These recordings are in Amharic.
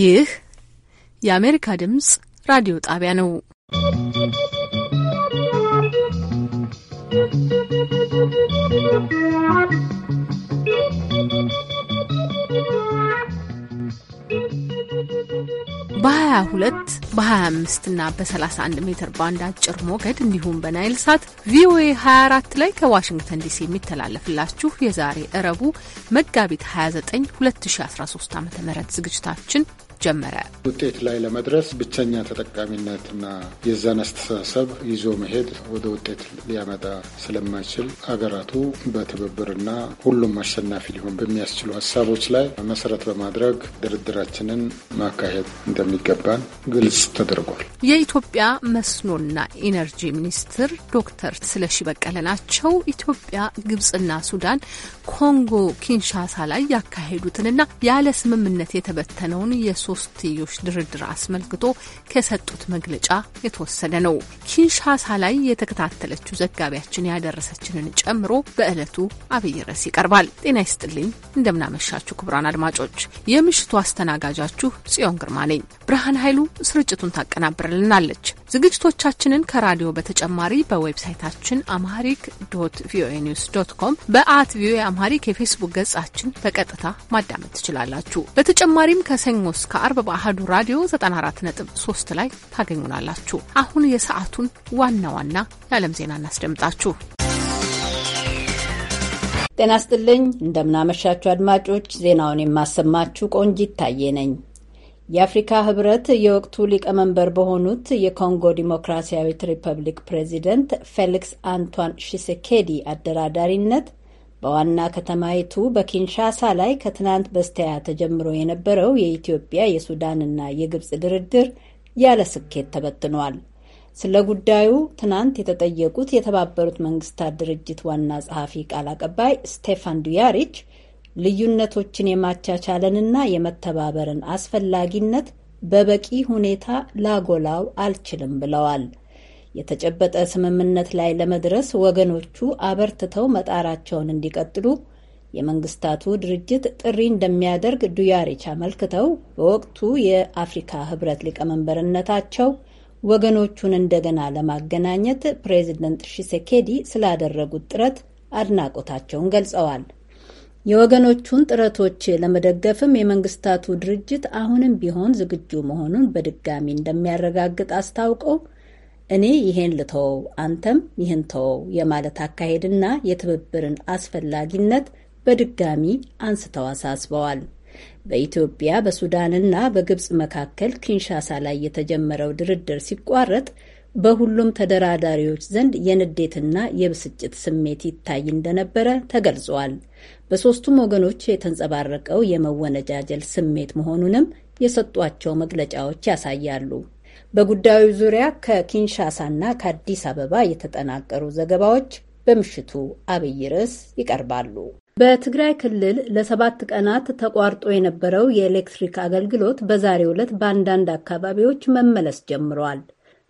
ይህ የአሜሪካ ድምጽ ራዲዮ ጣቢያ ነው። በ22 በ25 እና በ31 ሜትር ባንድ አጭር ሞገድ እንዲሁም በናይል ሳት ቪኦኤ 24 ላይ ከዋሽንግተን ዲሲ የሚተላለፍላችሁ የዛሬ እረቡ መጋቢት 29 2013 ዓ ም ዝግጅታችን ጀመረ። ውጤት ላይ ለመድረስ ብቸኛ ተጠቃሚነትና የዛን አስተሳሰብ ይዞ መሄድ ወደ ውጤት ሊያመጣ ስለማይችል አገራቱ በትብብርና ሁሉም አሸናፊ ሊሆን በሚያስችሉ ሀሳቦች ላይ መሰረት በማድረግ ድርድራችንን ማካሄድ እንደሚገባን ግልጽ ተደርጓል። የኢትዮጵያ መስኖና ኢነርጂ ሚኒስትር ዶክተር ስለሺ በቀለ ናቸው። ኢትዮጵያ፣ ግብጽና ሱዳን ኮንጎ ኪንሻሳ ላይ ያካሄዱትንና ያለ ስምምነት የተበተነውን የሶ የሶስትዮሽ ድርድር አስመልክቶ ከሰጡት መግለጫ የተወሰደ ነው። ኪንሻሳ ላይ የተከታተለችው ዘጋቢያችን ያደረሰችንን ጨምሮ በዕለቱ አብይ ርዕስ ይቀርባል። ጤና ይስጥልኝ፣ እንደምናመሻችሁ ክቡራን አድማጮች፣ የምሽቱ አስተናጋጃችሁ ጽዮን ግርማ ነኝ። ብርሃን ኃይሉ ስርጭቱን ታቀናብርልናለች። ዝግጅቶቻችንን ከራዲዮ በተጨማሪ በዌብሳይታችን አምሃሪክ ዶት ቪኦኤ ኒውስ ዶት ኮም በአት ቪኦኤ አምሃሪክ የፌስቡክ ገጻችን በቀጥታ ማዳመጥ ትችላላችሁ። በተጨማሪም ከሰኞ እስከ አርብ በአህዱ ራዲዮ 94.3 ላይ ታገኙናላችሁ። አሁን የሰዓቱን ዋና ዋና የዓለም ዜና እናስደምጣችሁ። ጤና ስጥልኝ፣ እንደምናመሻችሁ አድማጮች። ዜናውን የማሰማችሁ ቆንጂት ታዬ ነኝ። የአፍሪካ ህብረት የወቅቱ ሊቀመንበር በሆኑት የኮንጎ ዲሞክራሲያዊት ሪፐብሊክ ፕሬዚደንት ፌሊክስ አንቷን ሺሴኬዲ አደራዳሪነት በዋና ከተማይቱ በኪንሻሳ ላይ ከትናንት በስቲያ ተጀምሮ የነበረው የኢትዮጵያ የሱዳንና የግብፅ ድርድር ያለ ስኬት ተበትኗል። ስለ ጉዳዩ ትናንት የተጠየቁት የተባበሩት መንግስታት ድርጅት ዋና ጸሐፊ ቃል አቀባይ ስቴፋን ዱያሪች ልዩነቶችን የማቻቻለንና የመተባበርን አስፈላጊነት በበቂ ሁኔታ ላጎላው አልችልም ብለዋል። የተጨበጠ ስምምነት ላይ ለመድረስ ወገኖቹ አበርትተው መጣራቸውን እንዲቀጥሉ የመንግስታቱ ድርጅት ጥሪ እንደሚያደርግ ዱያሬች አመልክተው በወቅቱ የአፍሪካ ህብረት ሊቀመንበርነታቸው ወገኖቹን እንደገና ለማገናኘት ፕሬዚደንት ሺሴኬዲ ስላደረጉት ጥረት አድናቆታቸውን ገልጸዋል። የወገኖቹን ጥረቶች ለመደገፍም የመንግስታቱ ድርጅት አሁንም ቢሆን ዝግጁ መሆኑን በድጋሚ እንደሚያረጋግጥ አስታውቀው እኔ ይሄን ልተወው፣ አንተም ይህን ተወው የማለት አካሄድና የትብብርን አስፈላጊነት በድጋሚ አንስተው አሳስበዋል። በኢትዮጵያ በሱዳንና በግብፅ መካከል ኪንሻሳ ላይ የተጀመረው ድርድር ሲቋረጥ በሁሉም ተደራዳሪዎች ዘንድ የንዴትና የብስጭት ስሜት ይታይ እንደነበረ ተገልጿል። በሦስቱም ወገኖች የተንጸባረቀው የመወነጃጀል ስሜት መሆኑንም የሰጧቸው መግለጫዎች ያሳያሉ። በጉዳዩ ዙሪያ ከኪንሻሳና ከአዲስ አበባ የተጠናቀሩ ዘገባዎች በምሽቱ አብይ ርዕስ ይቀርባሉ። በትግራይ ክልል ለሰባት ቀናት ተቋርጦ የነበረው የኤሌክትሪክ አገልግሎት በዛሬው ዕለት በአንዳንድ አካባቢዎች መመለስ ጀምሯል።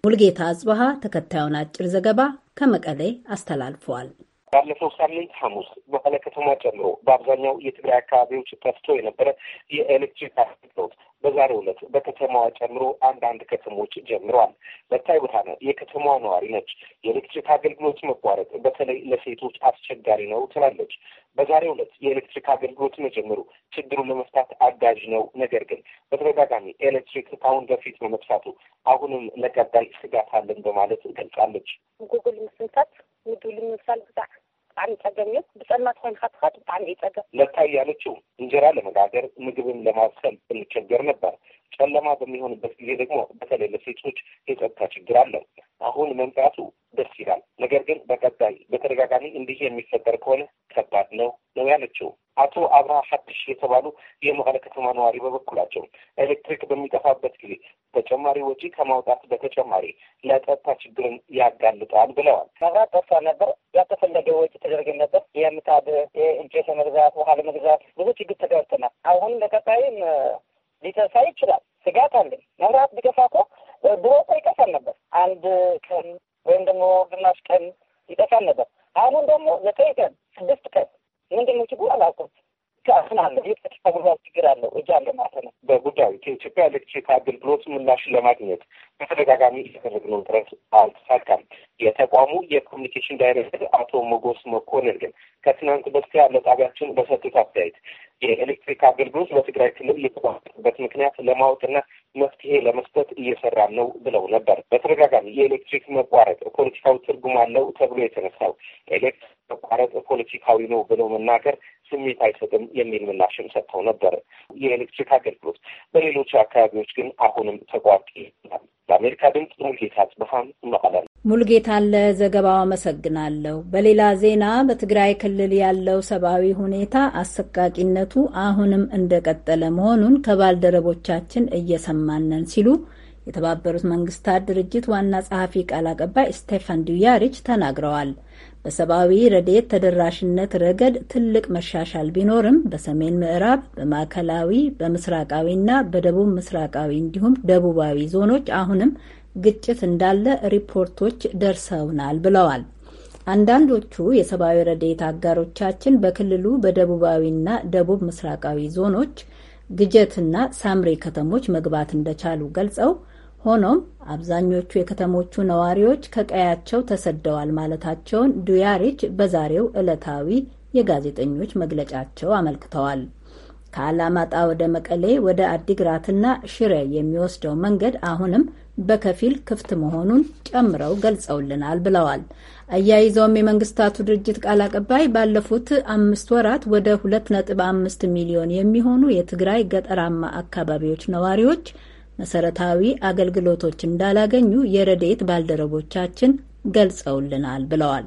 ሙልጌታ አጽበሀ ተከታዩን አጭር ዘገባ ከመቀሌ አስተላልፈዋል። ባለፈው ሳምንት ሐሙስ መቀለ ከተማ ጨምሮ በአብዛኛው የትግራይ አካባቢዎች ጠፍቶ የነበረ የኤሌክትሪክ አገልግሎት በዛሬ ዕለት በከተማዋ ጨምሮ አንዳንድ ከተሞች ጀምረዋል። በታይ ቦታነ የከተማዋ ነዋሪ ነች። የኤሌክትሪክ አገልግሎት መቋረጥ በተለይ ለሴቶች አስቸጋሪ ነው ትላለች። በዛሬ ዕለት የኤሌክትሪክ አገልግሎት መጀመሩ ችግሩን ለመፍታት አጋዥ ነው። ነገር ግን በተደጋጋሚ ኤሌክትሪክ ከአሁን በፊት በመጥፋቱ አሁንም ለቀጣይ ስጋት አለን በማለት ገልጻለች። ጉግል ምስንሳት ምድል ልምሳል ብዛዕ ብጣዕሚ ይፀገም እዩ ብፀልማት ኮይንካ ካትካድ ብጣዕሚ እዩ ፀገም ለታ እያለችው እንጀራ ለመጋገር ምግብን ለማብሰል እንቸገር ነበር ጨለማ በሚሆንበት ጊዜ ደግሞ በተለይ ለሴቶች የጸጥታ ችግር አለው። አሁን መምጣቱ ደስ ይላል። ነገር ግን በቀጣይ በተደጋጋሚ እንዲህ የሚፈጠር ከሆነ ከባድ ነው ነው ያለችው። አቶ አብርሃ ሀድሽ የተባሉ የመቀለ ከተማ ነዋሪ በበኩላቸው ኤሌክትሪክ በሚጠፋበት ጊዜ ተጨማሪ ወጪ ከማውጣት በተጨማሪ ለጸጥታ ችግርን ያጋልጣል ብለዋል። መብራት ጠፋ ነበር፣ ያልተፈለገ ወጪ ተደረገ ነበር። የምጣድ የእንጨት መግዛት፣ ውሃ ለመግዛት ብዙ ችግር ተደርተናል። አሁን ለቀጣይም ሊተሳ ይችላል። ስጋት አለኝ። መብራት ቢጠፋ እኮ ድሮ እኮ ይጠፋል ነበር፣ አንድ ቀን ወይም ደግሞ ግማሽ ቀን ይጠፋል ነበር። አሁን ደግሞ ዘጠኝ ቀን ስድስት ቀን ምንድን ነው ችግሩ? አላውቅም። ቃስን አለ የጸጥታ መዛት ችግር አለ አለ ማለት ነው። በጉዳዩ ከኢትዮጵያ ኤሌክትሪክ አገልግሎት ምላሽ ለማግኘት በተደጋጋሚ የተደረግነው ጥረት አልተሳካም። የተቋሙ የኮሚኒኬሽን ዳይሬክተር አቶ ሞጎስ መኮንን ግን ከትናንት በስቲያ ለጣቢያችን በሰጡት አስተያየት የኤሌክትሪክ አገልግሎት በትግራይ ክልል የተቋረጠበት ምክንያት ለማወቅና መፍትሄ ለመስጠት እየሰራ ነው ብለው ነበር። በተደጋጋሚ የኤሌክትሪክ መቋረጥ ፖለቲካዊ ትርጉም አለው ተብሎ የተነሳው ኤሌክትሪክ መቋረጥ ፖለቲካዊ ነው ብለው መናገር ስሜት አይሰጥም የሚል ምላሽም ሰጥተው ነበር። የኤሌክትሪክ አገልግሎት በሌሎች አካባቢዎች ግን አሁንም ተቋርጦ ይላል። ለአሜሪካ ድምፅ ሙልጌታ ጽበሃን መቀለን። ሙልጌታ ለዘገባው አመሰግናለሁ። በሌላ ዜና በትግራይ ክልል ያለው ሰብአዊ ሁኔታ አሰቃቂነቱ አሁንም እንደቀጠለ መሆኑን ከባልደረቦቻችን እየሰማነን ሲሉ የተባበሩት መንግስታት ድርጅት ዋና ጸሐፊ ቃል አቀባይ ስቴፋን ዱያሪች ተናግረዋል። በሰብአዊ ረድኤት ተደራሽነት ረገድ ትልቅ መሻሻል ቢኖርም በሰሜን ምዕራብ፣ በማዕከላዊ፣ በምስራቃዊና በደቡብ ምስራቃዊ እንዲሁም ደቡባዊ ዞኖች አሁንም ግጭት እንዳለ ሪፖርቶች ደርሰውናል ብለዋል። አንዳንዶቹ የሰብአዊ ረድኤት አጋሮቻችን በክልሉ በደቡባዊና ደቡብ ምስራቃዊ ዞኖች ግጀትና ሳምሬ ከተሞች መግባት እንደቻሉ ገልጸው ሆኖም አብዛኞቹ የከተሞቹ ነዋሪዎች ከቀያቸው ተሰደዋል ማለታቸውን ዱያሪች በዛሬው ዕለታዊ የጋዜጠኞች መግለጫቸው አመልክተዋል። ከአላማጣ ወደ መቀሌ፣ ወደ አዲግራትና ሽሬ የሚወስደው መንገድ አሁንም በከፊል ክፍት መሆኑን ጨምረው ገልጸውልናል ብለዋል። አያይዘውም የመንግስታቱ ድርጅት ቃል አቀባይ ባለፉት አምስት ወራት ወደ ሁለት ነጥብ አምስት ሚሊዮን የሚሆኑ የትግራይ ገጠራማ አካባቢዎች ነዋሪዎች መሰረታዊ አገልግሎቶች እንዳላገኙ የረዴት ባልደረቦቻችን ገልጸውልናል ብለዋል።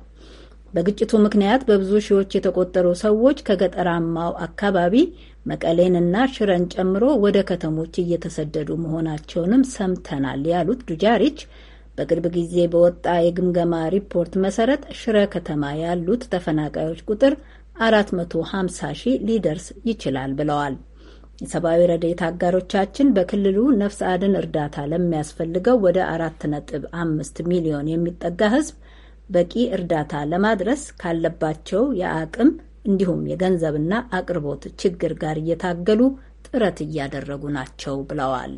በግጭቱ ምክንያት በብዙ ሺዎች የተቆጠሩ ሰዎች ከገጠራማው አካባቢ መቀሌንና ሽረን ጨምሮ ወደ ከተሞች እየተሰደዱ መሆናቸውንም ሰምተናል ያሉት ዱጃሪች በቅርብ ጊዜ በወጣ የግምገማ ሪፖርት መሰረት ሽረ ከተማ ያሉት ተፈናቃዮች ቁጥር 450 ሺህ ሊደርስ ይችላል ብለዋል። የሰብአዊ ረድኤት አጋሮቻችን በክልሉ ነፍስ አድን እርዳታ ለሚያስፈልገው ወደ አራት ነጥብ አምስት ሚሊዮን የሚጠጋ ህዝብ በቂ እርዳታ ለማድረስ ካለባቸው የአቅም እንዲሁም የገንዘብና አቅርቦት ችግር ጋር እየታገሉ ጥረት እያደረጉ ናቸው ብለዋል።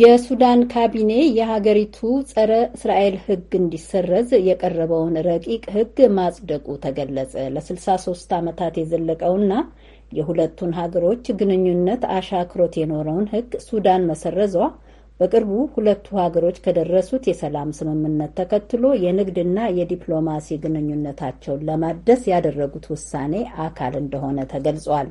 የሱዳን ካቢኔ የሀገሪቱ ጸረ እስራኤል ህግ እንዲሰረዝ የቀረበውን ረቂቅ ህግ ማጽደቁ ተገለጸ። ለ63 ዓመታት የዘለቀውና የሁለቱን ሀገሮች ግንኙነት አሻክሮት የኖረውን ሕግ ሱዳን መሰረዟ በቅርቡ ሁለቱ ሀገሮች ከደረሱት የሰላም ስምምነት ተከትሎ የንግድና የዲፕሎማሲ ግንኙነታቸውን ለማደስ ያደረጉት ውሳኔ አካል እንደሆነ ተገልጿል።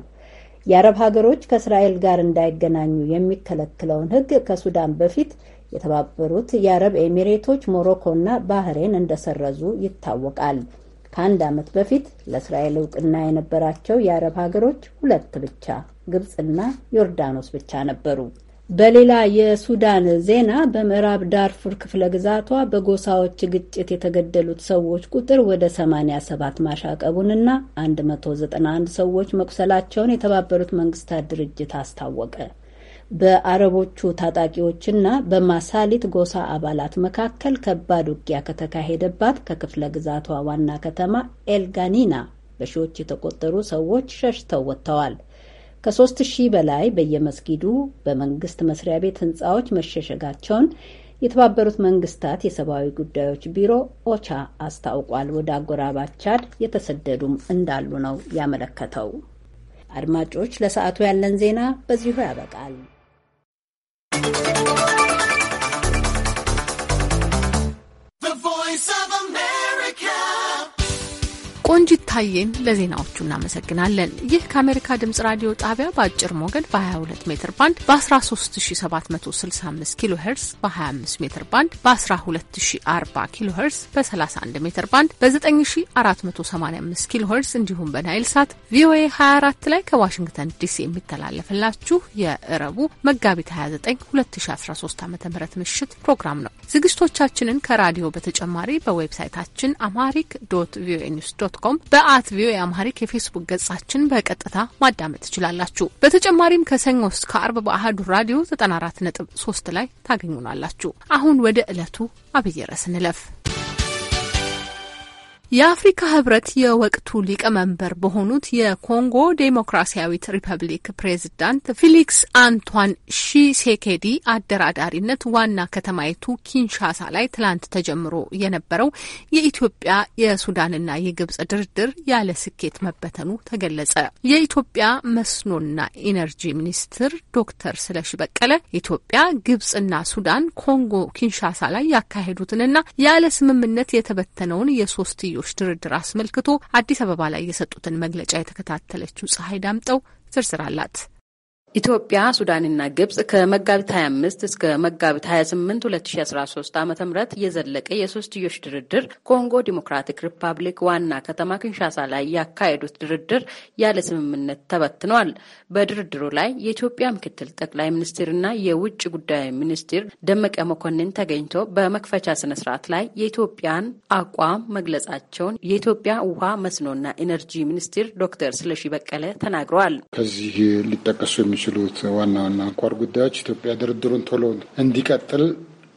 የአረብ ሀገሮች ከእስራኤል ጋር እንዳይገናኙ የሚከለክለውን ሕግ ከሱዳን በፊት የተባበሩት የአረብ ኤሚሬቶች፣ ሞሮኮና ባህሬን እንደሰረዙ ይታወቃል። ከአንድ ዓመት በፊት ለእስራኤል እውቅና የነበራቸው የአረብ ሀገሮች ሁለት ብቻ ግብፅና ዮርዳኖስ ብቻ ነበሩ። በሌላ የሱዳን ዜና በምዕራብ ዳርፉር ክፍለ ግዛቷ በጎሳዎች ግጭት የተገደሉት ሰዎች ቁጥር ወደ 87 ማሻቀቡንና 191 ሰዎች መቁሰላቸውን የተባበሩት መንግስታት ድርጅት አስታወቀ። በአረቦቹ ታጣቂዎችና በማሳሊት ጎሳ አባላት መካከል ከባድ ውጊያ ከተካሄደባት ከክፍለ ግዛቷ ዋና ከተማ ኤልጋኒና በሺዎች የተቆጠሩ ሰዎች ሸሽተው ወጥተዋል። ከሶስት ሺህ በላይ በየመስጊዱ በመንግስት መስሪያ ቤት ህንፃዎች መሸሸጋቸውን የተባበሩት መንግስታት የሰብአዊ ጉዳዮች ቢሮ ኦቻ አስታውቋል። ወደ አጎራባች ቻድ የተሰደዱም እንዳሉ ነው ያመለከተው። አድማጮች፣ ለሰዓቱ ያለን ዜና በዚሁ ያበቃል። Thank you. ቆንጂት ታዬን ለዜናዎቹ እናመሰግናለን። ይህ ከአሜሪካ ድምጽ ራዲዮ ጣቢያ በአጭር ሞገድ በ22 ሜትር ባንድ በ13765 ኪሎ ሄርስ በ25 ሜትር ባንድ በ1240 ኪሎ ሄርስ በ31 ሜትር ባንድ በ9485 ኪሎ ሄርስ እንዲሁም በናይል ሳት ቪኦኤ 24 ላይ ከዋሽንግተን ዲሲ የሚተላለፍላችሁ የእረቡ መጋቢት 29 2013 ዓ ም ምሽት ፕሮግራም ነው። ዝግጅቶቻችንን ከራዲዮ በተጨማሪ በዌብሳይታችን አማሪክ ዶት ቪኦኤ ኒውስ ዶት ዶት ኮም በአት ቪኦኤ አምሃሪክ የፌስቡክ ገጻችን በቀጥታ ማዳመጥ ትችላላችሁ። በተጨማሪም ከሰኞ እስከ አርብ በአህዱ ራዲዮ 94.3 ላይ ታገኙናላችሁ። አሁን ወደ ዕለቱ አብይ ርዕስ እንለፍ። የአፍሪካ ህብረት የወቅቱ ሊቀመንበር በሆኑት የኮንጎ ዴሞክራሲያዊት ሪፐብሊክ ፕሬዝዳንት ፊሊክስ አንቷን ሺሴኬዲ አደራዳሪነት ዋና ከተማይቱ ኪንሻሳ ላይ ትላንት ተጀምሮ የነበረው የኢትዮጵያ የሱዳንና የግብጽ ድርድር ያለ ስኬት መበተኑ ተገለጸ። የኢትዮጵያ መስኖና ኢነርጂ ሚኒስትር ዶክተር ስለሺ በቀለ ኢትዮጵያ፣ ግብጽና ሱዳን ኮንጎ ኪንሻሳ ላይ ያካሄዱትንና ያለ ስምምነት የተበተነውን የሶስት የሁለትዮሽ ድርድር አስመልክቶ አዲስ አበባ ላይ የሰጡትን መግለጫ የተከታተለችው ፀሐይ ዳምጠው ዝርዝር አላት። ኢትዮጵያ፣ ሱዳንና ግብጽ ከመጋቢት 25 እስከ መጋቢት 28 2013 ዓ ም የዘለቀ የሶስትዮሽ ድርድር ኮንጎ ዲሞክራቲክ ሪፐብሊክ ዋና ከተማ ክንሻሳ ላይ ያካሄዱት ድርድር ያለ ስምምነት ተበትነዋል። በድርድሩ ላይ የኢትዮጵያ ምክትል ጠቅላይ ሚኒስትርና የውጭ ጉዳይ ሚኒስትር ደመቀ መኮንን ተገኝቶ በመክፈቻ ስነስርዓት ላይ የኢትዮጵያን አቋም መግለጻቸውን የኢትዮጵያ ውሃ መስኖና ኢነርጂ ሚኒስትር ዶክተር ስለሺ በቀለ ተናግረዋል። ከዚህ ሊጠቀሱ የሚ የሚችሉት ዋና ዋና አንኳር ጉዳዮች ኢትዮጵያ ድርድሩን ቶሎ እንዲቀጥል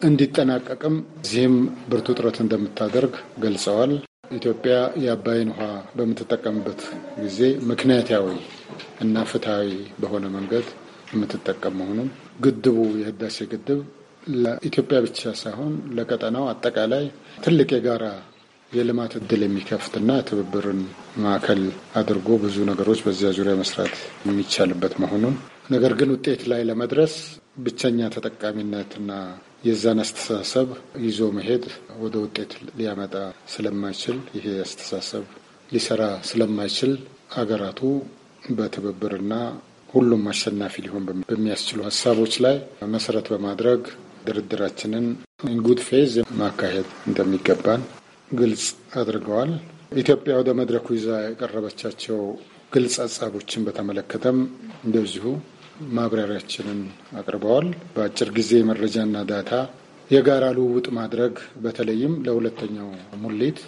እንዲጠናቀቅም እዚህም ብርቱ ጥረት እንደምታደርግ ገልጸዋል። ኢትዮጵያ የአባይን ውሃ በምትጠቀምበት ጊዜ ምክንያታዊ እና ፍትሐዊ በሆነ መንገድ የምትጠቀም መሆኑን ግድቡ የህዳሴ ግድብ ለኢትዮጵያ ብቻ ሳይሆን ለቀጠናው አጠቃላይ ትልቅ የጋራ የልማት እድል የሚከፍትና ትብብርን ማዕከል አድርጎ ብዙ ነገሮች በዚያ ዙሪያ መስራት የሚቻልበት መሆኑን ነገር ግን ውጤት ላይ ለመድረስ ብቸኛ ተጠቃሚነትና የዛን አስተሳሰብ ይዞ መሄድ ወደ ውጤት ሊያመጣ ስለማይችል ይሄ አስተሳሰብ ሊሰራ ስለማይችል አገራቱ በትብብርና ሁሉም አሸናፊ ሊሆን በሚያስችሉ ሀሳቦች ላይ መሰረት በማድረግ ድርድራችንን ንጉድ ፌዝ ማካሄድ እንደሚገባን ግልጽ አድርገዋል። ኢትዮጵያ ወደ መድረኩ ይዛ የቀረበቻቸው ግልጽ አጻቦችን በተመለከተም እንደዚሁ ማብራሪያችንን አቅርበዋል። በአጭር ጊዜ መረጃና ዳታ የጋራ ልውውጥ ማድረግ በተለይም ለሁለተኛው ሙሌት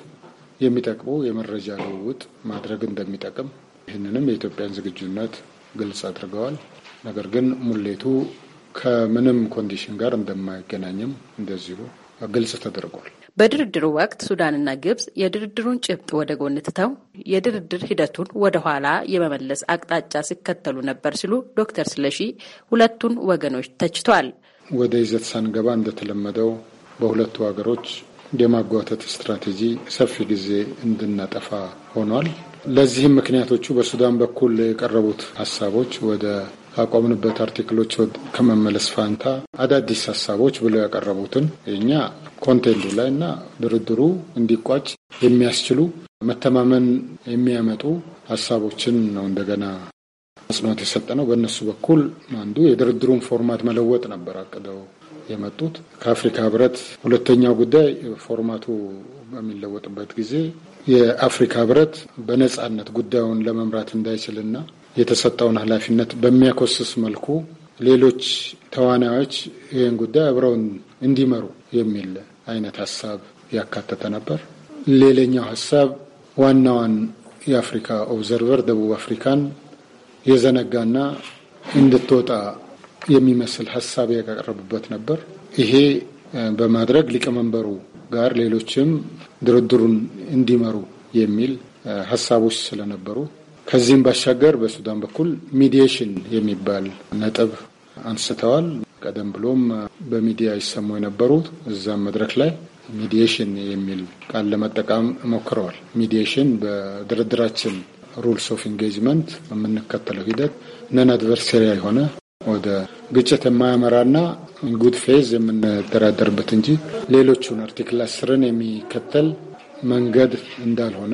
የሚጠቅሙ የመረጃ ልውውጥ ማድረግ እንደሚጠቅም ይህንንም የኢትዮጵያን ዝግጁነት ግልጽ አድርገዋል። ነገር ግን ሙሌቱ ከምንም ኮንዲሽን ጋር እንደማይገናኝም እንደዚሁ ግልጽ ተደርጓል። በድርድሩ ወቅት ሱዳንና ግብጽ የድርድሩን ጭብጥ ወደ ጎን ትተው የድርድር ሂደቱን ወደ ኋላ የመመለስ አቅጣጫ ሲከተሉ ነበር ሲሉ ዶክተር ስለሺ ሁለቱን ወገኖች ተችቷል። ወደ ይዘት ሳንገባ እንደተለመደው በሁለቱ ሀገሮች የማጓተት ስትራቴጂ ሰፊ ጊዜ እንድናጠፋ ሆኗል። ለዚህም ምክንያቶቹ በሱዳን በኩል የቀረቡት ሀሳቦች ወደ ካቆምንበት አርቲክሎች ከመመለስ ፋንታ አዳዲስ ሀሳቦች ብለው ያቀረቡትን እኛ ኮንቴንቱ ላይ እና ድርድሩ እንዲቋጭ የሚያስችሉ መተማመን የሚያመጡ ሀሳቦችን ነው እንደገና አጽንኦት የሰጠ ነው። በእነሱ በኩል አንዱ የድርድሩን ፎርማት መለወጥ ነበር አቅደው የመጡት ከአፍሪካ ህብረት። ሁለተኛው ጉዳይ ፎርማቱ በሚለወጥበት ጊዜ የአፍሪካ ህብረት በነጻነት ጉዳዩን ለመምራት እንዳይችልና የተሰጠውን ኃላፊነት በሚያኮስስ መልኩ ሌሎች ተዋናዮች ይህን ጉዳይ አብረውን እንዲመሩ የሚል አይነት ሀሳብ ያካተተ ነበር። ሌላኛው ሀሳብ ዋናዋን የአፍሪካ ኦብዘርቨር ደቡብ አፍሪካን የዘነጋና እንድትወጣ የሚመስል ሀሳብ ያቀረቡበት ነበር። ይሄ በማድረግ ሊቀመንበሩ ጋር ሌሎችም ድርድሩን እንዲመሩ የሚል ሀሳቦች ስለነበሩ ከዚህም ባሻገር በሱዳን በኩል ሚዲዬሽን የሚባል ነጥብ አንስተዋል። ቀደም ብሎም በሚዲያ ይሰሙ የነበሩት እዛም መድረክ ላይ ሚዲየሽን የሚል ቃል ለመጠቀም ሞክረዋል። ሚዲየሽን በድርድራችን ሩልስ ኦፍ ኢንጌጅመንት የምንከተለው ሂደት ነን አድቨርሰሪያ የሆነ ወደ ግጭት የማያመራና ጉድ ፌዝ የምንደራደርበት እንጂ ሌሎቹን አርቲክል አስርን የሚከተል መንገድ እንዳልሆነ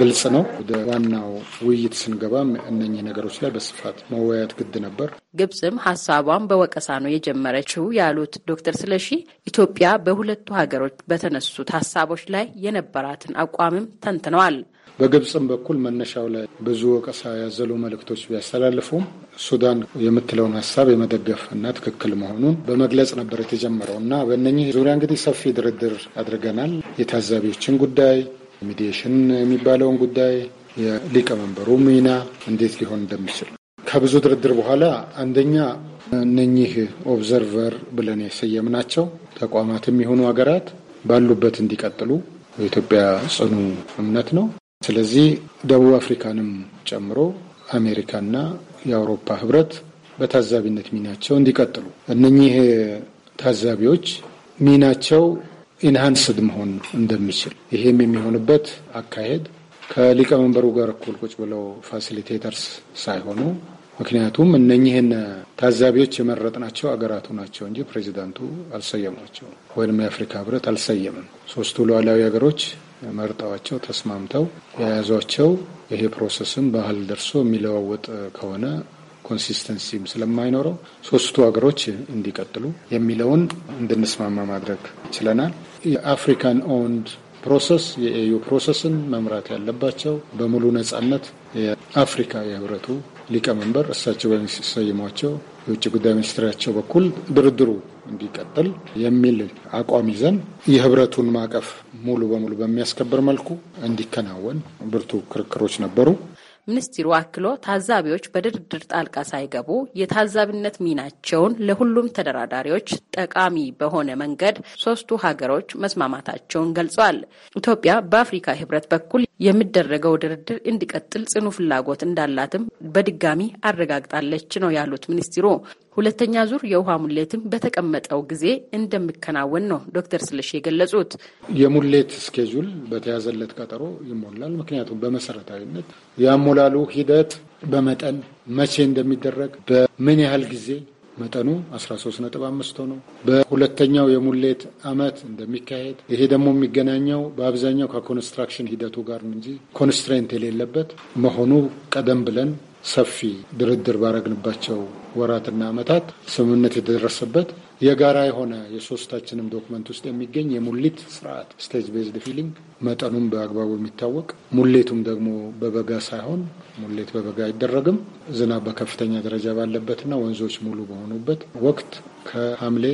ግልጽ ነው። ወደ ዋናው ውይይት ስንገባ እነኚህ ነገሮች ላይ በስፋት መወያየት ግድ ነበር። ግብጽም ሀሳቧን በወቀሳ ነው የጀመረችው ያሉት ዶክተር ስለሺ ኢትዮጵያ በሁለቱ ሀገሮች በተነሱት ሀሳቦች ላይ የነበራትን አቋምም ተንትነዋል። በግብፅም በኩል መነሻው ላይ ብዙ ወቀሳ ያዘሉ መልእክቶች ቢያስተላልፉም ሱዳን የምትለውን ሀሳብ የመደገፍ እና ትክክል መሆኑን በመግለጽ ነበር የተጀመረው እና በእነኚህ ዙሪያ እንግዲህ ሰፊ ድርድር አድርገናል። የታዛቢዎችን ጉዳይ፣ ሚዲሽን የሚባለውን ጉዳይ፣ የሊቀመንበሩ ሚና እንዴት ሊሆን እንደሚችል ከብዙ ድርድር በኋላ አንደኛ እነኚህ ኦብዘርቨር ብለን የሰየምናቸው ተቋማት የሚሆኑ ሀገራት ባሉበት እንዲቀጥሉ የኢትዮጵያ ጽኑ እምነት ነው። ስለዚህ ደቡብ አፍሪካንም ጨምሮ አሜሪካና የአውሮፓ ህብረት በታዛቢነት ሚናቸው እንዲቀጥሉ እነኚህ ታዛቢዎች ሚናቸው ኢንሃንስድ መሆን እንደሚችል ይሄም የሚሆንበት አካሄድ ከሊቀመንበሩ ጋር እኩል ቁጭ ብለው ፋሲሊቴተርስ ሳይሆኑ ምክንያቱም እነኚህን ታዛቢዎች የመረጥናቸው አገራቱ ናቸው እንጂ ፕሬዚዳንቱ አልሰየሟቸውም ወይም የአፍሪካ ህብረት አልሰየምም። ሶስቱ ሉዓላዊ ሀገሮች መርጠዋቸው ተስማምተው የያዟቸው ይሄ ፕሮሰስም ባህል ደርሶ የሚለዋወጥ ከሆነ ኮንሲስተንሲም ስለማይኖረው ሶስቱ ሀገሮች እንዲቀጥሉ የሚለውን እንድንስማማ ማድረግ ችለናል። የአፍሪካን ኦውንድ ፕሮሰስ የኤዩ ፕሮሰስን መምራት ያለባቸው በሙሉ ነጻነት የአፍሪካ የህብረቱ ሊቀመንበር እሳቸው በሚሰይሟቸው የውጭ ጉዳይ ሚኒስትራቸው በኩል ድርድሩ እንዲቀጥል የሚል አቋም ይዘን የህብረቱን ማዕቀፍ ሙሉ በሙሉ በሚያስከብር መልኩ እንዲከናወን ብርቱ ክርክሮች ነበሩ። ሚኒስትሩ አክሎ ታዛቢዎች በድርድር ጣልቃ ሳይገቡ የታዛቢነት ሚናቸውን ለሁሉም ተደራዳሪዎች ጠቃሚ በሆነ መንገድ ሶስቱ ሀገሮች መስማማታቸውን ገልጸዋል። ኢትዮጵያ በአፍሪካ ህብረት በኩል የሚደረገው ድርድር እንዲቀጥል ጽኑ ፍላጎት እንዳላትም በድጋሚ አረጋግጣለች ነው ያሉት ሚኒስትሩ። ሁለተኛ ዙር የውሃ ሙሌትም በተቀመጠው ጊዜ እንደሚከናወን ነው ዶክተር ስለሺ የገለጹት። የሙሌት ስኬጁል በተያዘለት ቀጠሮ ይሞላል። ምክንያቱም በመሰረታዊነት የአሞላሉ ሂደት በመጠን መቼ እንደሚደረግ በምን ያህል ጊዜ መጠኑ 13.5 ነው። በሁለተኛው የሙሌት አመት እንደሚካሄድ ይሄ ደግሞ የሚገናኘው በአብዛኛው ከኮንስትራክሽን ሂደቱ ጋር እንጂ ኮንስትሬንት የሌለበት መሆኑ ቀደም ብለን ሰፊ ድርድር ባረግንባቸው ወራትና ዓመታት ስምምነት የተደረሰበት የጋራ የሆነ የሶስታችንም ዶክመንት ውስጥ የሚገኝ የሙሊት ስርዓት ስቴጅ ቤዝድ ፊሊንግ መጠኑም በአግባቡ የሚታወቅ ሙሌቱም ደግሞ በበጋ ሳይሆን ሙሌት በበጋ አይደረግም። ዝናብ በከፍተኛ ደረጃ ባለበትና ወንዞች ሙሉ በሆኑበት ወቅት ከሐምሌ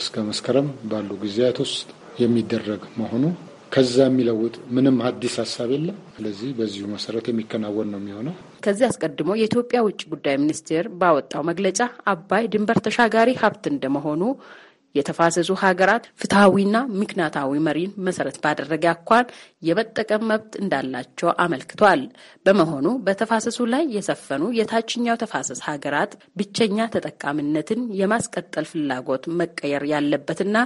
እስከ መስከረም ባሉ ጊዜያት ውስጥ የሚደረግ መሆኑ ከዛ የሚለውጥ ምንም አዲስ ሀሳብ የለም። ስለዚህ በዚሁ መሰረት የሚከናወን ነው የሚሆነው። ከዚህ አስቀድሞ የኢትዮጵያ ውጭ ጉዳይ ሚኒስቴር ባወጣው መግለጫ አባይ ድንበር ተሻጋሪ ሀብት እንደመሆኑ የተፋሰሱ ሀገራት ፍትሐዊና ምክንያታዊ መሪን መሰረት ባደረገ አኳን የመጠቀም መብት እንዳላቸው አመልክቷል። በመሆኑ በተፋሰሱ ላይ የሰፈኑ የታችኛው ተፋሰስ ሀገራት ብቸኛ ተጠቃሚነትን የማስቀጠል ፍላጎት መቀየር ያለበትና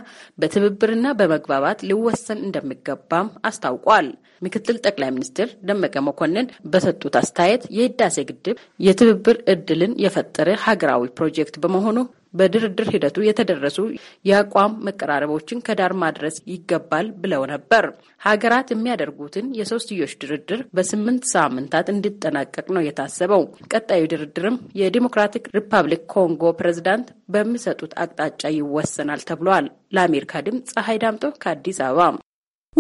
በትብብርና በመግባባት ሊወሰን እንደሚገባም አስታውቋል። ምክትል ጠቅላይ ሚኒስትር ደመቀ መኮንን በሰጡት አስተያየት የህዳሴ ግድብ የትብብር እድልን የፈጠረ ሀገራዊ ፕሮጀክት በመሆኑ በድርድር ሂደቱ የተደረሱ የአቋም መቀራረቦችን ከዳር ማድረስ ይገባል ብለው ነበር። ሀገራት የሚያደርጉትን የሶስትዮሽ ድርድር በስምንት ሳምንታት እንዲጠናቀቅ ነው የታሰበው። ቀጣዩ ድርድርም የዲሞክራቲክ ሪፐብሊክ ኮንጎ ፕሬዝዳንት በሚሰጡት አቅጣጫ ይወሰናል ተብሏል። ለአሜሪካ ድምፅ ፀሐይ ዳምጦ ከአዲስ አበባ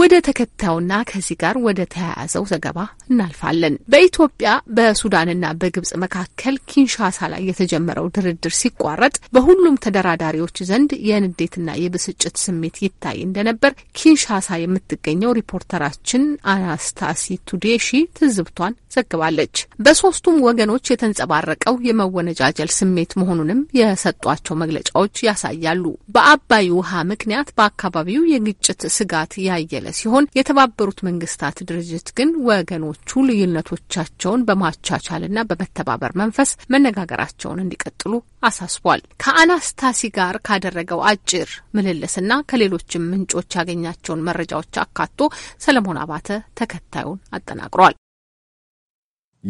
ወደ ተከታዩና ከዚህ ጋር ወደ ተያያዘው ዘገባ እናልፋለን። በኢትዮጵያ በሱዳንና በግብጽ መካከል ኪንሻሳ ላይ የተጀመረው ድርድር ሲቋረጥ በሁሉም ተደራዳሪዎች ዘንድ የንዴትና የብስጭት ስሜት ይታይ እንደነበር ኪንሻሳ የምትገኘው ሪፖርተራችን አናስታሲ ቱዴሺ ትዝብቷን ዘግባለች። በሶስቱም ወገኖች የተንጸባረቀው የመወነጃጀል ስሜት መሆኑንም የሰጧቸው መግለጫዎች ያሳያሉ። በአባይ ውሃ ምክንያት በአካባቢው የግጭት ስጋት ያየለ ሲሆን የተባበሩት መንግስታት ድርጅት ግን ወገኖቹ ልዩነቶቻቸውን በማቻቻልና በመተባበር መንፈስ መነጋገራቸውን እንዲቀጥሉ አሳስቧል። ከአናስታሲ ጋር ካደረገው አጭር ምልልስና ከሌሎችም ምንጮች ያገኛቸውን መረጃዎች አካቶ ሰለሞን አባተ ተከታዩን አጠናቅሯል።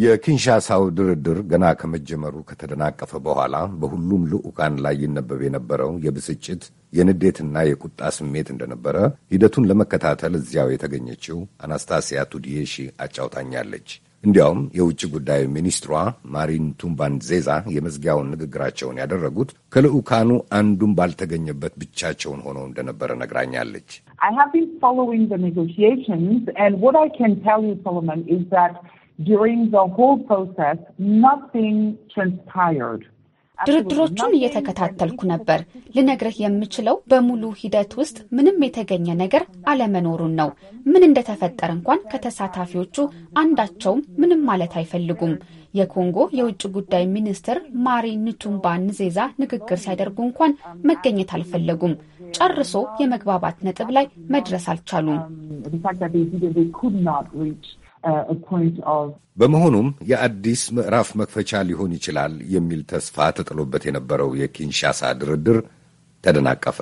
የኪንሻሳው ድርድር ገና ከመጀመሩ ከተደናቀፈ በኋላ በሁሉም ልዑካን ላይ ይነበብ የነበረው የብስጭት የንዴትና የቁጣ ስሜት እንደነበረ ሂደቱን ለመከታተል እዚያው የተገኘችው አናስታሲያ ቱዲዬሺ አጫውታኛለች። እንዲያውም የውጭ ጉዳይ ሚኒስትሯ ማሪን ዜዛ የመዝጊያውን ንግግራቸውን ያደረጉት ከልዑካኑ አንዱም ባልተገኘበት ብቻቸውን ሆነው እንደነበረ ነግራኛለች። I have been following the negotiations and what I can tell you, Solomon, is that during the whole process, nothing transpired. ድርድሮቹን እየተከታተልኩ ነበር። ልነግርህ የምችለው በሙሉ ሂደት ውስጥ ምንም የተገኘ ነገር አለመኖሩን ነው። ምን እንደተፈጠረ እንኳን ከተሳታፊዎቹ አንዳቸውም ምንም ማለት አይፈልጉም። የኮንጎ የውጭ ጉዳይ ሚኒስትር ማሪ ንቱምባ ንዜዛ ንግግር ሲያደርጉ እንኳን መገኘት አልፈለጉም። ጨርሶ የመግባባት ነጥብ ላይ መድረስ አልቻሉም። um, Uh, በመሆኑም የአዲስ ምዕራፍ መክፈቻ ሊሆን ይችላል የሚል ተስፋ ተጥሎበት የነበረው የኪንሻሳ ድርድር ተደናቀፈ።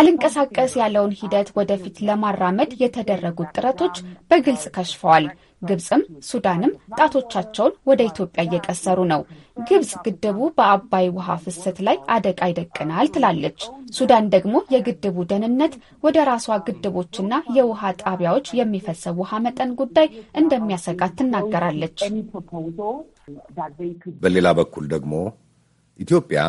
አልንቀሳቀስ ያለውን ሂደት ወደፊት ለማራመድ የተደረጉት ጥረቶች በግልጽ ከሽፈዋል። ግብፅም ሱዳንም ጣቶቻቸውን ወደ ኢትዮጵያ እየቀሰሩ ነው። ግብጽ ግድቡ በአባይ ውሃ ፍሰት ላይ አደጋ ይደቅናል ትላለች። ሱዳን ደግሞ የግድቡ ደህንነት፣ ወደ ራሷ ግድቦችና የውሃ ጣቢያዎች የሚፈሰው ውሃ መጠን ጉዳይ እንደሚያሰጋት ትናገራለች። በሌላ በኩል ደግሞ ኢትዮጵያ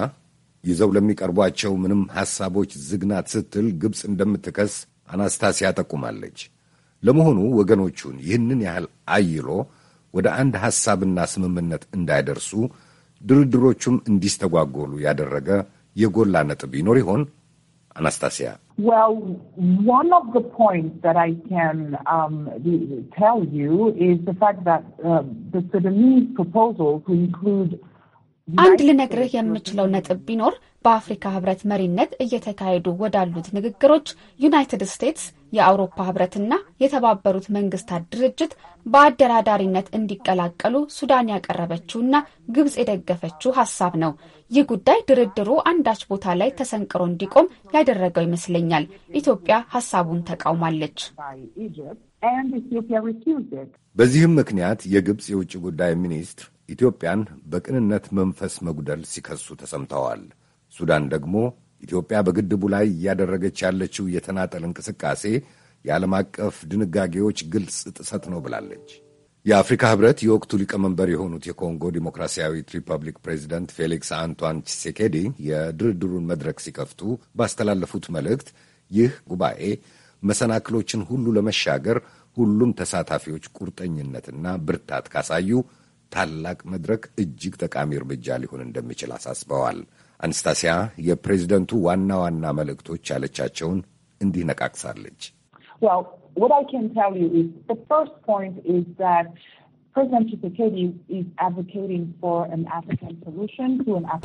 ይዘው ለሚቀርቧቸው ምንም ሐሳቦች ዝግናት ስትል ግብፅ እንደምትከስ አናስታሲያ ጠቁማለች። ለመሆኑ ወገኖቹን ይህንን ያህል አይሎ ወደ አንድ ሐሳብና ስምምነት እንዳይደርሱ ድርድሮቹም እንዲስተጓጎሉ ያደረገ የጎላ ነጥብ ይኖር ይሆን? አናስታሲያ፣ አንድ ልነግርህ የምችለው ነጥብ ቢኖር በአፍሪካ ህብረት መሪነት እየተካሄዱ ወዳሉት ንግግሮች ዩናይትድ ስቴትስ የአውሮፓ ህብረትና የተባበሩት መንግስታት ድርጅት በአደራዳሪነት እንዲቀላቀሉ ሱዳን ያቀረበችውና ግብጽ የደገፈችው ሀሳብ ነው። ይህ ጉዳይ ድርድሩ አንዳች ቦታ ላይ ተሰንቅሮ እንዲቆም ያደረገው ይመስለኛል። ኢትዮጵያ ሀሳቡን ተቃውማለች። በዚህም ምክንያት የግብጽ የውጭ ጉዳይ ሚኒስትር ኢትዮጵያን በቅንነት መንፈስ መጉደል ሲከሱ ተሰምተዋል። ሱዳን ደግሞ ኢትዮጵያ በግድቡ ላይ እያደረገች ያለችው የተናጠል እንቅስቃሴ የዓለም አቀፍ ድንጋጌዎች ግልጽ ጥሰት ነው ብላለች። የአፍሪካ ህብረት የወቅቱ ሊቀመንበር የሆኑት የኮንጎ ዲሞክራሲያዊት ሪፐብሊክ ፕሬዚደንት ፌሊክስ አንቷን ቺሴኬዲ የድርድሩን መድረክ ሲከፍቱ ባስተላለፉት መልእክት ይህ ጉባኤ መሰናክሎችን ሁሉ ለመሻገር ሁሉም ተሳታፊዎች ቁርጠኝነትና ብርታት ካሳዩ ታላቅ መድረክ እጅግ ጠቃሚ እርምጃ ሊሆን እንደሚችል አሳስበዋል። አንስታሲያ የፕሬዚደንቱ ዋና ዋና መልእክቶች ያለቻቸውን እንዲህ ነቃቅሳለች።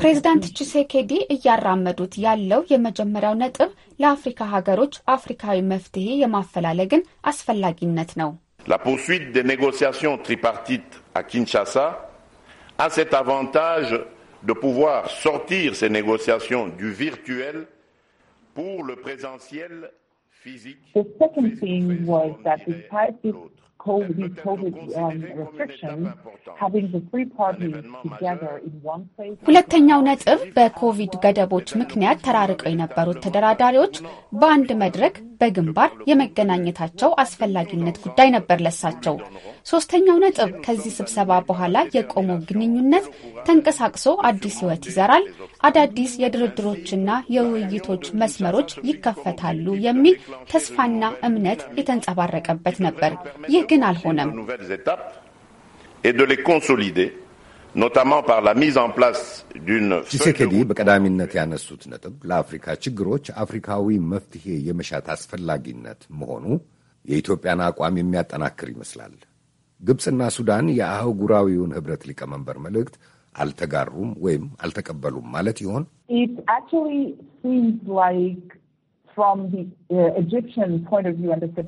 ፕሬዚዳንት ቺሴኬዲ እያራመዱት ያለው የመጀመሪያው ነጥብ ለአፍሪካ ሀገሮች አፍሪካዊ መፍትሄ የማፈላለግን አስፈላጊነት ነው። ላ poursuite des négociations tripartites à Kinshasa de pouvoir sortir ces négociations du virtuel pour le présentiel physique. Um, ሁለተኛው ነጥብ በኮቪድ ገደቦች ምክንያት ተራርቀው የነበሩት ተደራዳሪዎች በአንድ መድረክ በግንባር የመገናኘታቸው አስፈላጊነት ጉዳይ ነበር ለሳቸው። ሶስተኛው ነጥብ ከዚህ ስብሰባ በኋላ የቆመው ግንኙነት ተንቀሳቅሶ አዲስ ሕይወት ይዘራል፣ አዳዲስ የድርድሮችና የውይይቶች መስመሮች ይከፈታሉ የሚል ተስፋና እምነት የተንጸባረቀበት ነበር። ይህ ግን አልሆነም። ቺሴኬዲ በቀዳሚነት ያነሱት ነጥብ ለአፍሪካ ችግሮች አፍሪካዊ መፍትሄ የመሻት አስፈላጊነት መሆኑ የኢትዮጵያን አቋም የሚያጠናክር ይመስላል። ግብፅና ሱዳን የአህጉራዊውን ህብረት ሊቀመንበር መልእክት አልተጋሩም ወይም አልተቀበሉም ማለት ይሆን? Uh,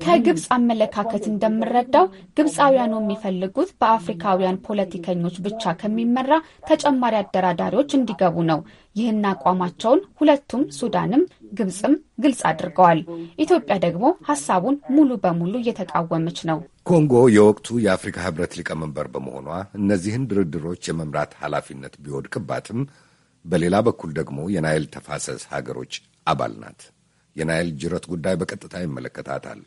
ከግብፅ አመለካከት እንደምረዳው ግብፃውያኑ የሚፈልጉት በአፍሪካውያን ፖለቲከኞች ብቻ ከሚመራ ተጨማሪ አደራዳሪዎች እንዲገቡ ነው። ይህን አቋማቸውን ሁለቱም ሱዳንም ግብፅም ግልጽ አድርገዋል። ኢትዮጵያ ደግሞ ሀሳቡን ሙሉ በሙሉ እየተቃወመች ነው። ኮንጎ የወቅቱ የአፍሪካ ሕብረት ሊቀመንበር በመሆኗ እነዚህን ድርድሮች የመምራት ኃላፊነት ቢወድቅባትም በሌላ በኩል ደግሞ የናይል ተፋሰስ ሀገሮች አባል ናት። የናይል ጅረት ጉዳይ በቀጥታ ይመለከታታል።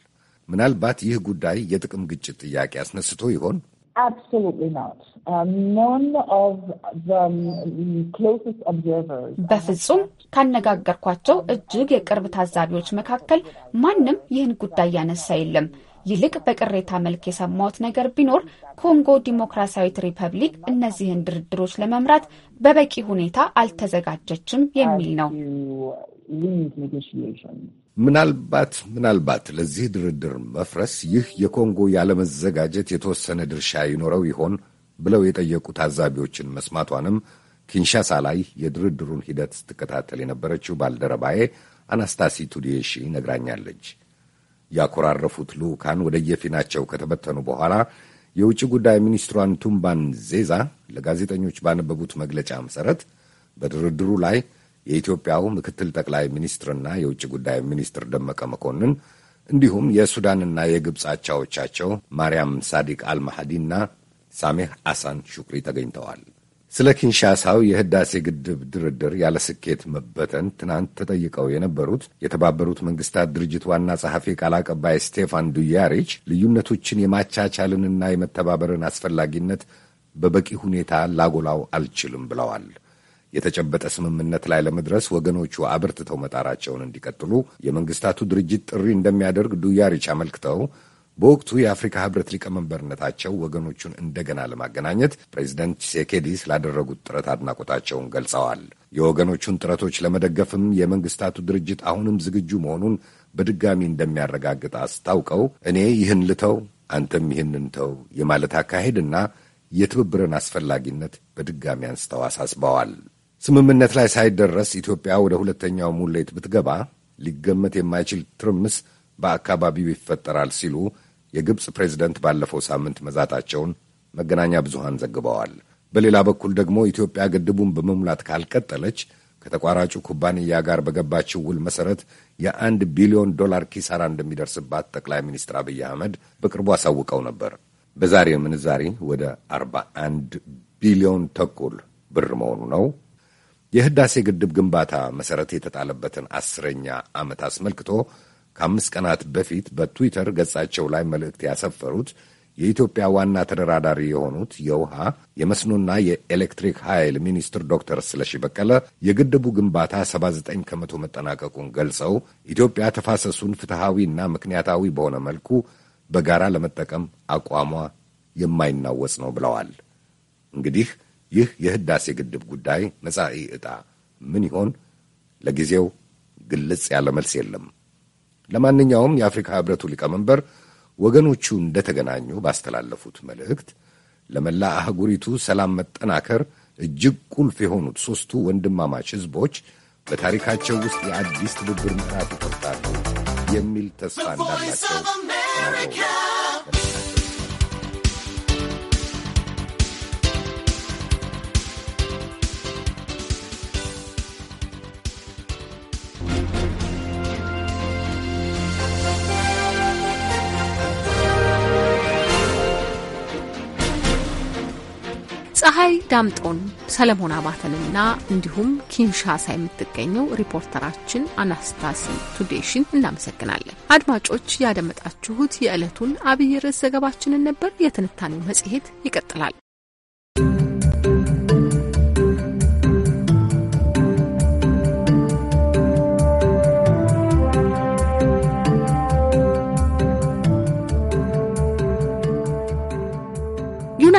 ምናልባት ይህ ጉዳይ የጥቅም ግጭት ጥያቄ አስነስቶ ይሆን? Um, um, በፍጹም ካነጋገርኳቸው እጅግ የቅርብ ታዛቢዎች መካከል ማንም ይህን ጉዳይ ያነሳ የለም። ይልቅ በቅሬታ መልክ የሰማሁት ነገር ቢኖር ኮንጎ ዲሞክራሲያዊት ሪፐብሊክ እነዚህን ድርድሮች ለመምራት በበቂ ሁኔታ አልተዘጋጀችም የሚል ነው። ምናልባት ምናልባት ለዚህ ድርድር መፍረስ ይህ የኮንጎ ያለመዘጋጀት የተወሰነ ድርሻ ይኖረው ይሆን ብለው የጠየቁ ታዛቢዎችን መስማቷንም ኪንሻሳ ላይ የድርድሩን ሂደት ስትከታተል የነበረችው ባልደረባዬ አናስታሲ ቱዲሺ ነግራኛለች። ያኮራረፉት ልዑካን ወደየፊናቸው ከተበተኑ በኋላ የውጭ ጉዳይ ሚኒስትሯን ቱምባን ዜዛ ለጋዜጠኞች ባነበቡት መግለጫ መሰረት በድርድሩ ላይ የኢትዮጵያው ምክትል ጠቅላይ ሚኒስትርና የውጭ ጉዳይ ሚኒስትር ደመቀ መኮንን እንዲሁም የሱዳንና የግብፅ አቻዎቻቸው ማርያም ሳዲቅ አልማሃዲና ሳሜህ አሳን ሹክሪ ተገኝተዋል። ስለ ኪንሻሳው የህዳሴ ግድብ ድርድር ያለ ስኬት መበተን ትናንት ተጠይቀው የነበሩት የተባበሩት መንግስታት ድርጅት ዋና ጸሐፊ ቃል አቀባይ ስቴፋን ዱያሪች ልዩነቶችን የማቻቻልንና የመተባበርን አስፈላጊነት በበቂ ሁኔታ ላጎላው አልችልም ብለዋል። የተጨበጠ ስምምነት ላይ ለመድረስ ወገኖቹ አበርትተው መጣራቸውን እንዲቀጥሉ የመንግስታቱ ድርጅት ጥሪ እንደሚያደርግ ዱያሪች አመልክተው በወቅቱ የአፍሪካ ህብረት ሊቀመንበርነታቸው ወገኖቹን እንደገና ለማገናኘት ፕሬዚደንት ቺሴኬዲ ስላደረጉት ጥረት አድናቆታቸውን ገልጸዋል። የወገኖቹን ጥረቶች ለመደገፍም የመንግስታቱ ድርጅት አሁንም ዝግጁ መሆኑን በድጋሚ እንደሚያረጋግጥ አስታውቀው እኔ ይህን ልተው አንተም ይህንን ተው የማለት አካሄድና የትብብርን አስፈላጊነት በድጋሚ አንስተው አሳስበዋል። ስምምነት ላይ ሳይደረስ ኢትዮጵያ ወደ ሁለተኛው ሙሌት ብትገባ ሊገመት የማይችል ትርምስ በአካባቢው ይፈጠራል ሲሉ የግብፅ ፕሬዚደንት ባለፈው ሳምንት መዛታቸውን መገናኛ ብዙሃን ዘግበዋል። በሌላ በኩል ደግሞ ኢትዮጵያ ግድቡን በመሙላት ካልቀጠለች ከተቋራጩ ኩባንያ ጋር በገባችው ውል መሰረት የአንድ ቢሊዮን ዶላር ኪሳራ እንደሚደርስባት ጠቅላይ ሚኒስትር አብይ አህመድ በቅርቡ አሳውቀው ነበር። በዛሬ ምንዛሬ ወደ 41 ቢሊዮን ተኩል ብር መሆኑ ነው። የህዳሴ ግድብ ግንባታ መሰረት የተጣለበትን አስረኛ ዓመት አስመልክቶ ከአምስት ቀናት በፊት በትዊተር ገጻቸው ላይ መልእክት ያሰፈሩት የኢትዮጵያ ዋና ተደራዳሪ የሆኑት የውሃ የመስኖና የኤሌክትሪክ ኃይል ሚኒስትር ዶክተር ስለሺ በቀለ የግድቡ ግንባታ 79 ከመቶ መጠናቀቁን ገልጸው ኢትዮጵያ ተፋሰሱን ፍትሐዊና ምክንያታዊ በሆነ መልኩ በጋራ ለመጠቀም አቋሟ የማይናወጽ ነው ብለዋል። እንግዲህ ይህ የህዳሴ ግድብ ጉዳይ መጻኢ ዕጣ ምን ይሆን? ለጊዜው ግልጽ ያለ መልስ የለም። ለማንኛውም የአፍሪካ ህብረቱ ሊቀመንበር ወገኖቹ እንደተገናኙ ባስተላለፉት መልእክት ለመላ አህጉሪቱ ሰላም መጠናከር እጅግ ቁልፍ የሆኑት ሦስቱ ወንድማማች ህዝቦች በታሪካቸው ውስጥ የአዲስ ትብብር ምዕራፍ ይከፍታሉ የሚል ተስፋ እንዳላቸው ፀሐይ ዳምጦን ሰለሞን አባተንና እንዲሁም ኪንሻሳ የምትገኘው ሪፖርተራችን አናስታሲ ቱዴሽን እናመሰግናለን። አድማጮች ያደመጣችሁት የዕለቱን አብይ ርዕስ ዘገባችንን ነበር። የትንታኔው መጽሔት ይቀጥላል።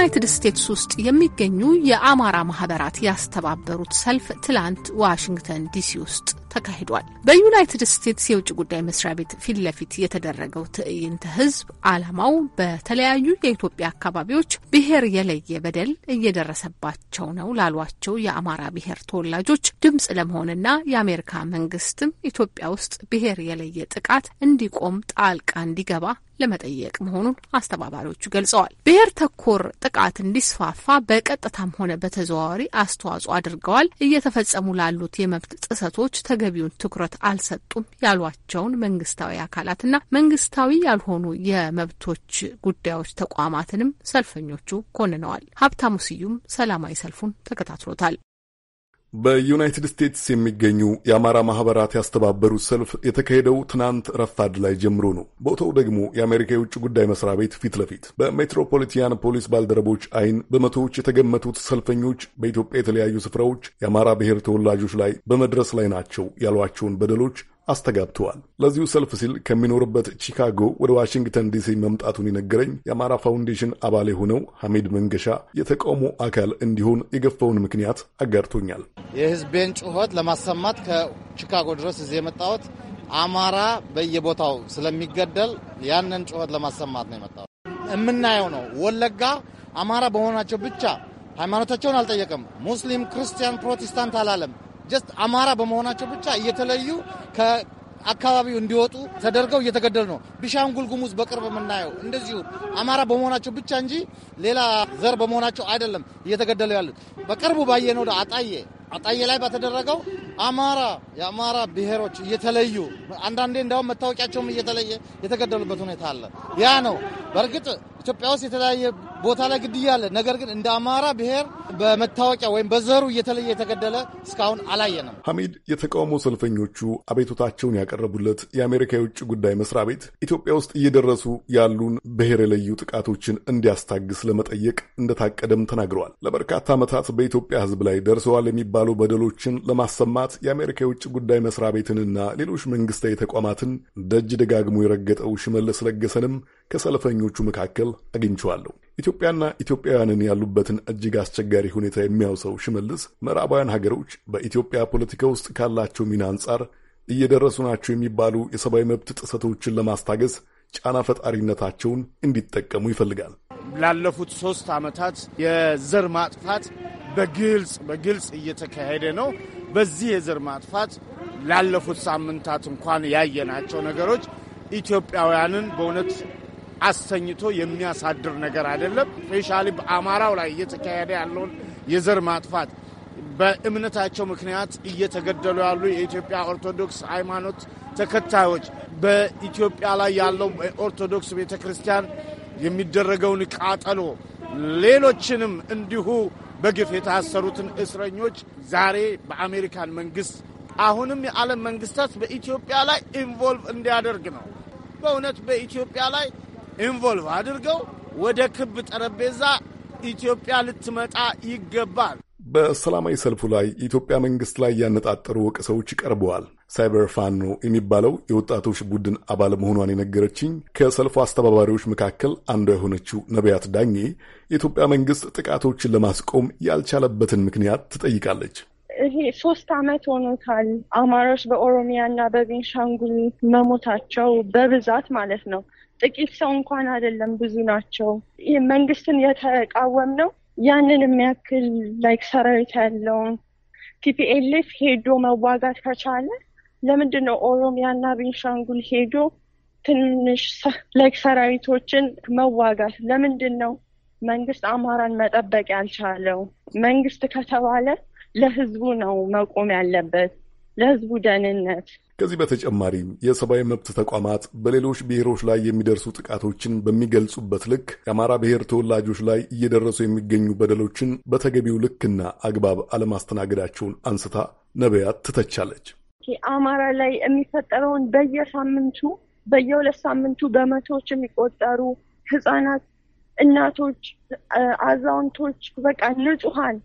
ዩናይትድ ስቴትስ ውስጥ የሚገኙ የአማራ ማህበራት ያስተባበሩት ሰልፍ ትላንት ዋሽንግተን ዲሲ ውስጥ ተካሂዷል። በዩናይትድ ስቴትስ የውጭ ጉዳይ መስሪያ ቤት ፊት ለፊት የተደረገው ትዕይንተ ህዝብ ዓላማው በተለያዩ የኢትዮጵያ አካባቢዎች ብሔር የለየ በደል እየደረሰባቸው ነው ላሏቸው የአማራ ብሔር ተወላጆች ድምጽ ለመሆንና የአሜሪካ መንግስትም ኢትዮጵያ ውስጥ ብሔር የለየ ጥቃት እንዲቆም ጣልቃ እንዲገባ ለመጠየቅ መሆኑን አስተባባሪዎቹ ገልጸዋል። ብሔር ተኮር ጥቃት እንዲስፋፋ በቀጥታም ሆነ በተዘዋዋሪ አስተዋጽኦ አድርገዋል፣ እየተፈጸሙ ላሉት የመብት ጥሰቶች ተገቢውን ትኩረት አልሰጡም ያሏቸውን መንግስታዊ አካላትና መንግስታዊ ያልሆኑ የመብቶች ጉዳዮች ተቋማትንም ሰልፈኞቹ ኮንነዋል። ሀብታሙ ስዩም ሰላማዊ ሰልፉን ተከታትሎታል። በዩናይትድ ስቴትስ የሚገኙ የአማራ ማህበራት ያስተባበሩት ሰልፍ የተካሄደው ትናንት ረፋድ ላይ ጀምሮ ነው። ቦታው ደግሞ የአሜሪካ የውጭ ጉዳይ መስሪያ ቤት ፊት ለፊት በሜትሮፖሊቲያን ፖሊስ ባልደረቦች ዓይን በመቶዎች የተገመቱት ሰልፈኞች በኢትዮጵያ የተለያዩ ስፍራዎች የአማራ ብሔር ተወላጆች ላይ በመድረስ ላይ ናቸው ያሏቸውን በደሎች አስተጋብተዋል። ለዚሁ ሰልፍ ሲል ከሚኖርበት ቺካጎ ወደ ዋሽንግተን ዲሲ መምጣቱን የነገረኝ የአማራ ፋውንዴሽን አባል የሆነው ሐሜድ መንገሻ የተቃውሞ አካል እንዲሆን የገፋውን ምክንያት አጋርቶኛል። የህዝቤን ጩኸት ለማሰማት ከቺካጎ ድረስ እዚህ የመጣሁት አማራ በየቦታው ስለሚገደል ያንን ጩኸት ለማሰማት ነው የመጣሁት። የምናየው ነው ወለጋ አማራ በሆናቸው ብቻ ሃይማኖታቸውን አልጠየቅም። ሙስሊም፣ ክርስቲያን፣ ፕሮቴስታንት አላለም። ጀስት አማራ በመሆናቸው ብቻ እየተለዩ አካባቢው እንዲወጡ ተደርገው እየተገደሉ ነው። ቢሻንጉል ጉሙዝ በቅርብ የምናየው እንደዚሁ አማራ በመሆናቸው ብቻ እንጂ ሌላ ዘር በመሆናቸው አይደለም እየተገደሉ ያሉት። በቅርቡ ባየነው አጣዬ አጣዬ ላይ በተደረገው አማራ የአማራ ብሔሮች እየተለዩ አንዳንዴ እንዲያውም መታወቂያቸውም እየተለየ የተገደሉበት ሁኔታ አለ። ያ ነው በእርግጥ ኢትዮጵያ ውስጥ የተለያየ ቦታ ላይ ግድያ አለ። ነገር ግን እንደ አማራ ብሔር በመታወቂያ ወይም በዘሩ እየተለየ የተገደለ እስካሁን አላየንም። ሐሚድ የተቃውሞ ሰልፈኞቹ አቤቱታቸውን ያቀረቡለት የአሜሪካ የውጭ ጉዳይ መስሪያ ቤት ኢትዮጵያ ውስጥ እየደረሱ ያሉን ብሔር የለዩ ጥቃቶችን እንዲያስታግስ ለመጠየቅ እንደታቀደም ተናግረዋል። ለበርካታ ዓመታት በኢትዮጵያ ሕዝብ ላይ ደርሰዋል የሚባሉ በደሎችን ለማሰማት የአሜሪካ የውጭ ጉዳይ መስሪያ ቤትንና ሌሎች መንግስታዊ ተቋማትን ደጅ ደጋግሞ የረገጠው ሽመለስ ለገሰንም ከሰልፈኞቹ መካከል አግኝቸዋለሁ። ኢትዮጵያና ኢትዮጵያውያንን ያሉበትን እጅግ አስቸጋሪ ሁኔታ የሚያውሰው ሽመልስ ምዕራባውያን ሀገሮች በኢትዮጵያ ፖለቲካ ውስጥ ካላቸው ሚና አንጻር እየደረሱ ናቸው የሚባሉ የሰብአዊ መብት ጥሰቶችን ለማስታገስ ጫና ፈጣሪነታቸውን እንዲጠቀሙ ይፈልጋል። ላለፉት ሶስት ዓመታት የዘር ማጥፋት በግልጽ በግልጽ እየተካሄደ ነው። በዚህ የዘር ማጥፋት ላለፉት ሳምንታት እንኳን ያየናቸው ነገሮች ኢትዮጵያውያንን በእውነት አሰኝቶ የሚያሳድር ነገር አይደለም። ስፔሻሊ በአማራው ላይ እየተካሄደ ያለውን የዘር ማጥፋት በእምነታቸው ምክንያት እየተገደሉ ያሉ የኢትዮጵያ ኦርቶዶክስ ሃይማኖት ተከታዮች በኢትዮጵያ ላይ ያለው ኦርቶዶክስ ቤተ ክርስቲያን የሚደረገውን ቃጠሎ፣ ሌሎችንም እንዲሁ በግፍ የታሰሩትን እስረኞች ዛሬ በአሜሪካን መንግስት አሁንም የዓለም መንግስታት በኢትዮጵያ ላይ ኢንቮልቭ እንዲያደርግ ነው። በእውነት በኢትዮጵያ ላይ ኢንቮልቭ አድርገው ወደ ክብ ጠረጴዛ ኢትዮጵያ ልትመጣ ይገባል። በሰላማዊ ሰልፉ ላይ የኢትዮጵያ መንግስት ላይ ያነጣጠሩ ወቀሳዎች ቀርበዋል። ሳይበር ፋኖ የሚባለው የወጣቶች ቡድን አባል መሆኗን የነገረችኝ ከሰልፉ አስተባባሪዎች መካከል አንዷ የሆነችው ነቢያት ዳኜ የኢትዮጵያ መንግስት ጥቃቶችን ለማስቆም ያልቻለበትን ምክንያት ትጠይቃለች። ይሄ ሶስት ዓመት ሆኖታል። አማሮች በኦሮሚያ እና በቤንሻንጉል መሞታቸው በብዛት ማለት ነው። ጥቂት ሰው እንኳን አይደለም፣ ብዙ ናቸው። ይህ መንግስትን የተቃወም ነው ያንን የሚያክል ላይክ ሰራዊት ያለውን ቲፒኤልኤፍ ሄዶ መዋጋት ከቻለ ለምንድን ነው ኦሮሚያና ቤንሻንጉል ሄዶ ትንሽ ላይክ ሰራዊቶችን መዋጋት? ለምንድን ነው መንግስት አማራን መጠበቅ ያልቻለው? መንግስት ከተባለ ለህዝቡ ነው መቆም ያለበት፣ ለህዝቡ ደህንነት ከዚህ በተጨማሪም የሰብአዊ መብት ተቋማት በሌሎች ብሔሮች ላይ የሚደርሱ ጥቃቶችን በሚገልጹበት ልክ የአማራ ብሔር ተወላጆች ላይ እየደረሱ የሚገኙ በደሎችን በተገቢው ልክና አግባብ አለማስተናገዳቸውን አንስታ ነቢያት ትተቻለች። አማራ ላይ የሚፈጠረውን በየሳምንቱ በየሁለት ሳምንቱ በመቶዎች የሚቆጠሩ ህጻናት፣ እናቶች፣ አዛውንቶች በቃ ንጹሀን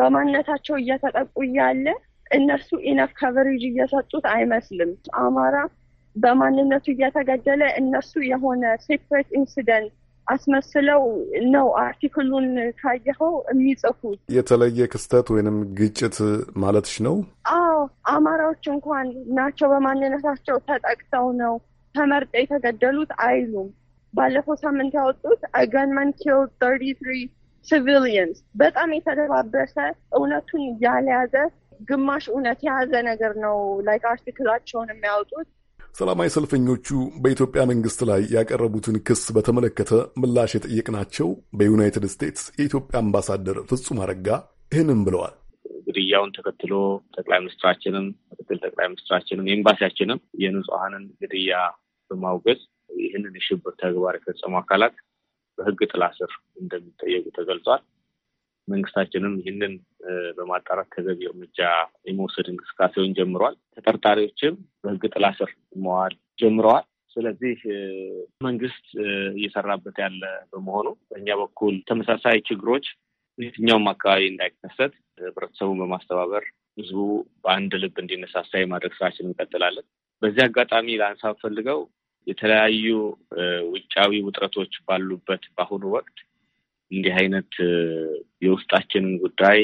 በማንነታቸው እየተጠቁ እያለ እነሱ ኢነፍ ከቨሬጅ እየሰጡት አይመስልም። አማራ በማንነቱ እየተገደለ እነሱ የሆነ ሴፕሬት ኢንሲደንት አስመስለው ነው አርቲክሉን ካየኸው የሚጽፉት። የተለየ ክስተት ወይንም ግጭት ማለትሽ ነው? አዎ አማራዎች እንኳን ናቸው በማንነታቸው ተጠቅተው ነው ተመርጠው የተገደሉት አይሉም። ባለፈው ሳምንት ያወጡት አገንመን ኪል ሲቪሊየንስ በጣም የተደባበሰ እውነቱን ያልያዘ ግማሽ እውነት የያዘ ነገር ነው ላይ አርቲክላቸውን የሚያወጡት። ሰላማዊ ሰልፈኞቹ በኢትዮጵያ መንግስት ላይ ያቀረቡትን ክስ በተመለከተ ምላሽ የጠየቅናቸው በዩናይትድ ስቴትስ የኢትዮጵያ አምባሳደር ፍጹም አረጋ ይህንም ብለዋል። ግድያውን ተከትሎ ጠቅላይ ሚኒስትራችንም ምክትል ጠቅላይ ሚኒስትራችንም ኤምባሲያችንም የንጹሐንን ግድያ በማውገዝ ይህንን የሽብር ተግባር የፈጸሙ አካላት በህግ ጥላ ስር እንደሚጠየቁ ተገልጿል። መንግስታችንም ይህንን በማጣራት ተገቢ እርምጃ የመውሰድ እንቅስቃሴውን ጀምሯል። ተጠርጣሪዎችም በህግ ጥላ ስር መዋል ጀምረዋል። ስለዚህ መንግስት እየሰራበት ያለ በመሆኑ በእኛ በኩል ተመሳሳይ ችግሮች የትኛውም አካባቢ እንዳይከሰት ህብረተሰቡን በማስተባበር ህዝቡ በአንድ ልብ እንዲነሳሳ የማድረግ ስራችን እንቀጥላለን። በዚህ አጋጣሚ ለአንሳብ ፈልገው የተለያዩ ውጫዊ ውጥረቶች ባሉበት በአሁኑ ወቅት እንዲህ አይነት የውስጣችንን ጉዳይ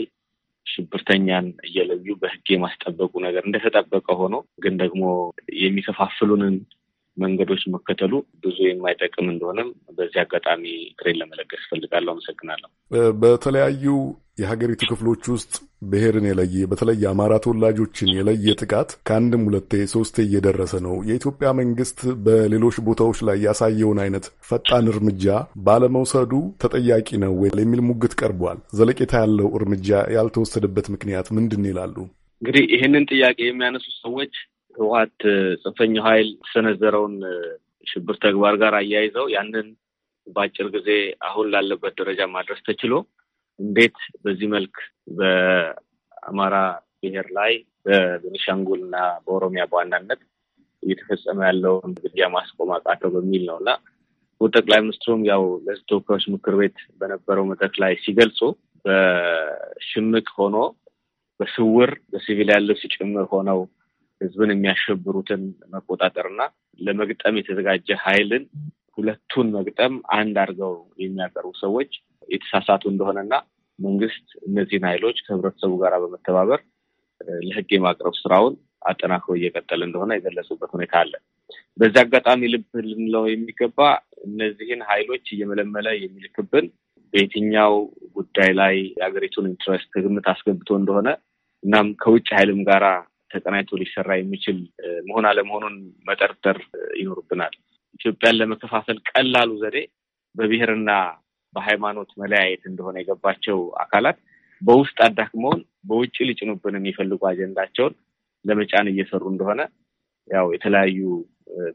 ሽብርተኛን እየለዩ በህግ የማስጠበቁ ነገር እንደተጠበቀ ሆኖ ግን ደግሞ የሚከፋፍሉንን መንገዶች መከተሉ ብዙ የማይጠቅም እንደሆነም በዚህ አጋጣሚ ክሬን ለመለገስ እፈልጋለሁ። አመሰግናለሁ። በተለያዩ የሀገሪቱ ክፍሎች ውስጥ ብሔርን የለየ በተለይ አማራ ተወላጆችን የለየ ጥቃት ከአንድም ሁለቴ ሶስቴ እየደረሰ ነው። የኢትዮጵያ መንግስት በሌሎች ቦታዎች ላይ ያሳየውን አይነት ፈጣን እርምጃ ባለመውሰዱ ተጠያቂ ነው ወይ የሚል ሙግት ቀርቧል። ዘለቄታ ያለው እርምጃ ያልተወሰደበት ምክንያት ምንድን ይላሉ? እንግዲህ ይህንን ጥያቄ የሚያነሱ ሰዎች ህወሀት ጽንፈኛው ኃይል የተሰነዘረውን ሽብር ተግባር ጋር አያይዘው ያንን በአጭር ጊዜ አሁን ላለበት ደረጃ ማድረስ ተችሎ እንዴት በዚህ መልክ በአማራ ብሔር ላይ በቤኒሻንጉል እና በኦሮሚያ በዋናነት እየተፈጸመ ያለውን ግድያ ማስቆም አቃተው በሚል ነው እና ጠቅላይ ሚኒስትሩም ያው ለሕዝብ ተወካዮች ምክር ቤት በነበረው መድረክ ላይ ሲገልጹ በሽምቅ ሆኖ በስውር በሲቪል ያለው ሲጭምር ሆነው ሕዝብን የሚያሸብሩትን መቆጣጠርና ለመግጠም የተዘጋጀ ኃይልን ሁለቱን መግጠም አንድ አድርገው የሚያቀርቡ ሰዎች የተሳሳቱ እንደሆነና መንግስት እነዚህን ኃይሎች ከህብረተሰቡ ጋር በመተባበር ለህግ የማቅረብ ስራውን አጠናክሮ እየቀጠለ እንደሆነ የገለጹበት ሁኔታ አለ። በዚህ አጋጣሚ ልብ ልንለው የሚገባ እነዚህን ኃይሎች እየመለመለ የሚልክብን በየትኛው ጉዳይ ላይ የሀገሪቱን ኢንትረስት ከግምት አስገብቶ እንደሆነ እናም ከውጭ ኃይልም ጋራ ተቀናይቶ ሊሰራ የሚችል መሆን አለመሆኑን መጠርጠር ይኖርብናል። ኢትዮጵያን ለመከፋፈል ቀላሉ ዘዴ በብሔርና በሃይማኖት መለያየት እንደሆነ የገባቸው አካላት በውስጥ አዳክመውን በውጭ ሊጭኑብን የሚፈልጉ አጀንዳቸውን ለመጫን እየሰሩ እንደሆነ ያው የተለያዩ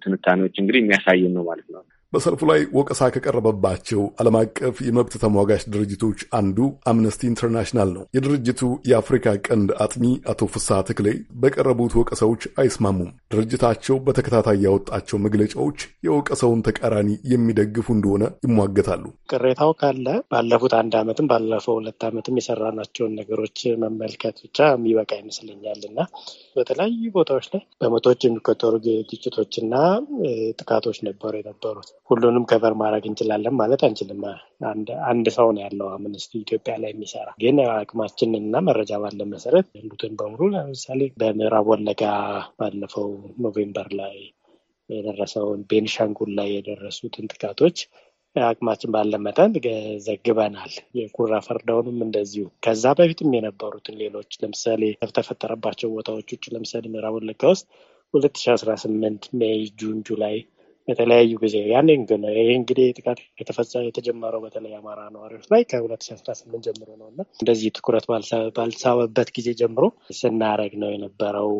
ትንታኔዎች እንግዲህ የሚያሳይን ነው ማለት ነው። በሰልፉ ላይ ወቀሳ ከቀረበባቸው ዓለም አቀፍ የመብት ተሟጋች ድርጅቶች አንዱ አምነስቲ ኢንተርናሽናል ነው። የድርጅቱ የአፍሪካ ቀንድ አጥኚ አቶ ፍሳ ተክሌ በቀረቡት ወቀሳዎች አይስማሙም። ድርጅታቸው በተከታታይ ያወጣቸው መግለጫዎች የወቀሳውን ተቃራኒ የሚደግፉ እንደሆነ ይሟገታሉ። ቅሬታው ካለ ባለፉት አንድ ዓመትም ባለፈው ሁለት ዓመትም የሰራናቸውን ነገሮች መመልከት ብቻ የሚበቃ ይመስለኛል እና በተለያዩ ቦታዎች ላይ በመቶዎች የሚቆጠሩ ግጭቶችና ጥቃቶች ነበሩ የነበሩት ሁሉንም ከበር ማድረግ እንችላለን ማለት አንችልም። አንድ ሰው ነው ያለው አምነስቲ ኢትዮጵያ ላይ የሚሰራ ግን አቅማችን እና መረጃ ባለን መሰረት ያሉትን በሙሉ ለምሳሌ በምዕራብ ወለጋ ባለፈው ኖቬምበር ላይ የደረሰውን ቤንሻንጉል ላይ የደረሱትን ጥቃቶች አቅማችን ባለ መጠን ዘግበናል። የኩራ ፈርዳውንም እንደዚሁ ከዛ በፊትም የነበሩትን ሌሎች ለምሳሌ ከተፈጠረባቸው ቦታዎች ውጭ ለምሳሌ ምዕራብ ወለጋ ውስጥ ሁለት ሺ አስራ ስምንት ሜይ ጁን ጁላይ በተለያዩ ጊዜ ያኔ ይህ እንግዲህ ጥቃት የተጀመረው በተለይ አማራ ነዋሪዎች ላይ ከ2018 ጀምሮ ነው እና እንደዚህ ትኩረት ባልሳበበት ጊዜ ጀምሮ ስናረግ ነው የነበረው።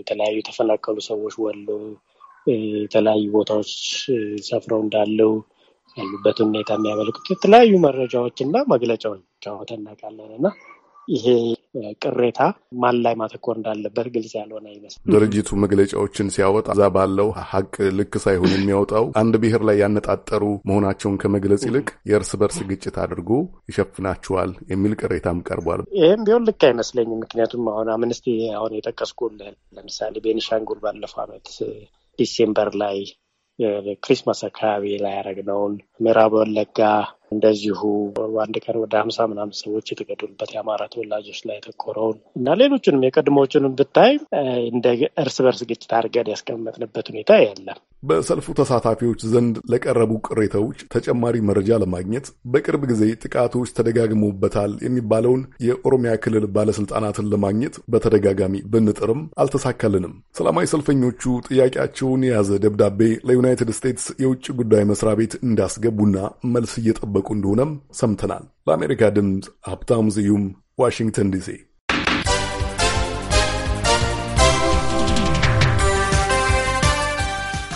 የተለያዩ የተፈናቀሉ ሰዎች ወሎ የተለያዩ ቦታዎች ሰፍረው እንዳለው ያሉበትን ሁኔታ የሚያመለክቱ የተለያዩ መረጃዎች እና መግለጫዎች አውጥተን እና ይሄ ቅሬታ ማን ላይ ማተኮር እንዳለበት ግልጽ ያልሆነ ይመስል ድርጅቱ መግለጫዎችን ሲያወጣ እዛ ባለው ሀቅ ልክ ሳይሆን የሚያወጣው አንድ ብሔር ላይ ያነጣጠሩ መሆናቸውን ከመግለጽ ይልቅ የእርስ በርስ ግጭት አድርጎ ይሸፍናቸዋል የሚል ቅሬታም ቀርቧል። ይህም ቢሆን ልክ አይመስለኝም። ምክንያቱም አሁን አምንስቲ አሁን የጠቀስኩልህ ለምሳሌ ቤኒሻንጉል ባለፈው ዓመት ዲሴምበር ላይ ክሪስማስ አካባቢ ላይ ያደረግነውን ምዕራብ ወለጋ እንደዚሁ አንድ ቀን ወደ ሀምሳ ምናምን ሰዎች የተገደሉበት የአማራ ተወላጆች ላይ የተኮረውን እና ሌሎችንም የቀድሞዎቹንም ብታይ እንደ እርስ በርስ ግጭት አድርገን ያስቀመጥንበት ሁኔታ የለም። በሰልፉ ተሳታፊዎች ዘንድ ለቀረቡ ቅሬታዎች ተጨማሪ መረጃ ለማግኘት በቅርብ ጊዜ ጥቃቶች ተደጋግሞበታል የሚባለውን የኦሮሚያ ክልል ባለስልጣናትን ለማግኘት በተደጋጋሚ ብንጥርም አልተሳካልንም። ሰላማዊ ሰልፈኞቹ ጥያቄያቸውን የያዘ ደብዳቤ ለዩናይትድ ስቴትስ የውጭ ጉዳይ መስሪያ ቤት እንዳስገቡና መልስ እየጠበቁ እንደሆነም ሰምተናል። ለአሜሪካ ድምፅ ሀብታም ስዩም ዋሽንግተን ዲሲ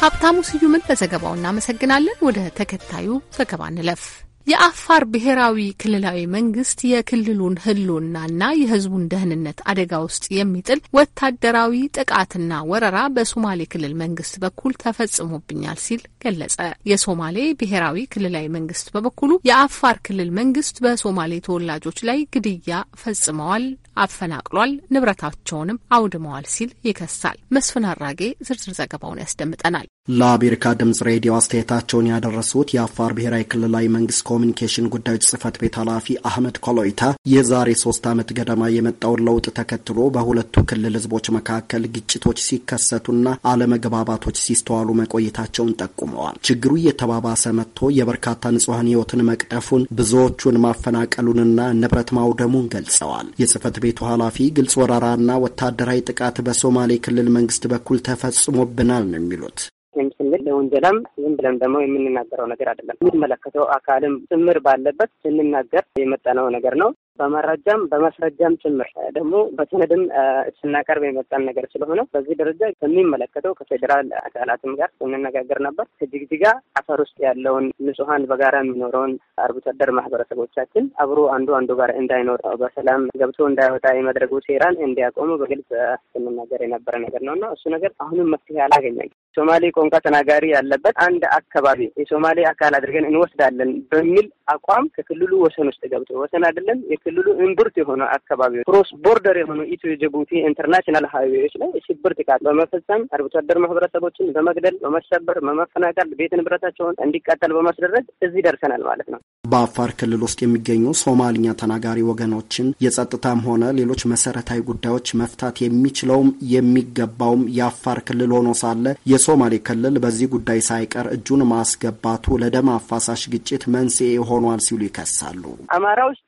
ሀብታሙ ስዩምን ለዘገባው እናመሰግናለን። ወደ ተከታዩ ዘገባ እንለፍ። የአፋር ብሔራዊ ክልላዊ መንግስት የክልሉን ና የህዝቡን ደህንነት አደጋ ውስጥ የሚጥል ወታደራዊ ጥቃትና ወረራ በሶማሌ ክልል መንግስት በኩል ተፈጽሞብኛል ሲል ገለጸ። የሶማሌ ብሔራዊ ክልላዊ መንግስት በበኩሉ የአፋር ክልል መንግስት በሶማሌ ተወላጆች ላይ ግድያ ፈጽመዋል፣ አፈናቅሏል፣ ንብረታቸውንም አውድመዋል ሲል ይከሳል። መስፍን አራጌ ዝርዝር ዘገባውን ያስደምጠናል። ለአሜሪካ ድምጽ ሬዲዮ አስተያየታቸውን ያደረሱት የአፋር ብሔራዊ ክልላዊ መንግስት ኮሚኒኬሽን ጉዳዮች ጽህፈት ቤት ኃላፊ አህመድ ኮሎይታ የዛሬ ሶስት ዓመት ገደማ የመጣውን ለውጥ ተከትሎ በሁለቱ ክልል ህዝቦች መካከል ግጭቶች ሲከሰቱና አለመግባባቶች ሲስተዋሉ መቆየታቸውን ጠቁመዋል። ችግሩ እየተባባሰ መጥቶ የበርካታ ንጹሐን ህይወትን መቅጠፉን፣ ብዙዎቹን ማፈናቀሉንና ንብረት ማውደሙን ገልጸዋል። የጽህፈት ቤቱ ኃላፊ ግልጽ ወረራና ወታደራዊ ጥቃት በሶማሌ ክልል መንግስት በኩል ተፈጽሞብናል ነው የሚሉት ወይም ስንል ለወንጀላም ዝም ብለን ደግሞ የምንናገረው ነገር አይደለም። የሚመለከተው አካልም ጭምር ባለበት ስንናገር የመጠነው ነገር ነው። በመረጃም በማስረጃም ጭምር ደግሞ በሰነድም ስናቀርብ የመጣን ነገር ስለሆነ በዚህ ደረጃ ከሚመለከተው ከፌዴራል አካላትም ጋር ስንነጋገር ነበር። ከጅግጅጋ አፈር ውስጥ ያለውን ንጹሀን በጋራ የሚኖረውን አርብቶ አደር ማህበረሰቦቻችን አብሮ አንዱ አንዱ ጋር እንዳይኖር በሰላም ገብቶ እንዳይወጣ የመድረጉ ሴራን እንዲያቆሙ በግልጽ ስንናገር የነበረ ነገር ነው እና እሱ ነገር አሁንም መፍትሄ አላገኘም። ሶማሌ ቋንቋ ተናጋሪ ያለበት አንድ አካባቢ የሶማሌ አካል አድርገን እንወስዳለን በሚል አቋም ከክልሉ ወሰን ውስጥ ገብቶ ወሰን አይደለም የክልሉ እምብርት የሆነ አካባቢ ክሮስ ቦርደር የሆኑ ኢትዮ ጅቡቲ ኢንተርናሽናል ሀይዌዎች ላይ ሽብር ጥቃት በመፈጸም አርብቶ አደር ማህበረሰቦችን በመግደል በመሰበር፣ በመፈናቀል ቤት ንብረታቸውን እንዲቃጠል በማስደረግ እዚህ ደርሰናል ማለት ነው። በአፋር ክልል ውስጥ የሚገኙ ሶማልኛ ተናጋሪ ወገኖችን የጸጥታም ሆነ ሌሎች መሰረታዊ ጉዳዮች መፍታት የሚችለውም የሚገባውም የአፋር ክልል ሆኖ ሳለ የሶማሌ ክልል በዚህ ጉዳይ ሳይቀር እጁን ማስገባቱ ለደም አፋሳሽ ግጭት መንስኤ ሆኗል ሲሉ ይከሳሉ። አማራ ውስጥ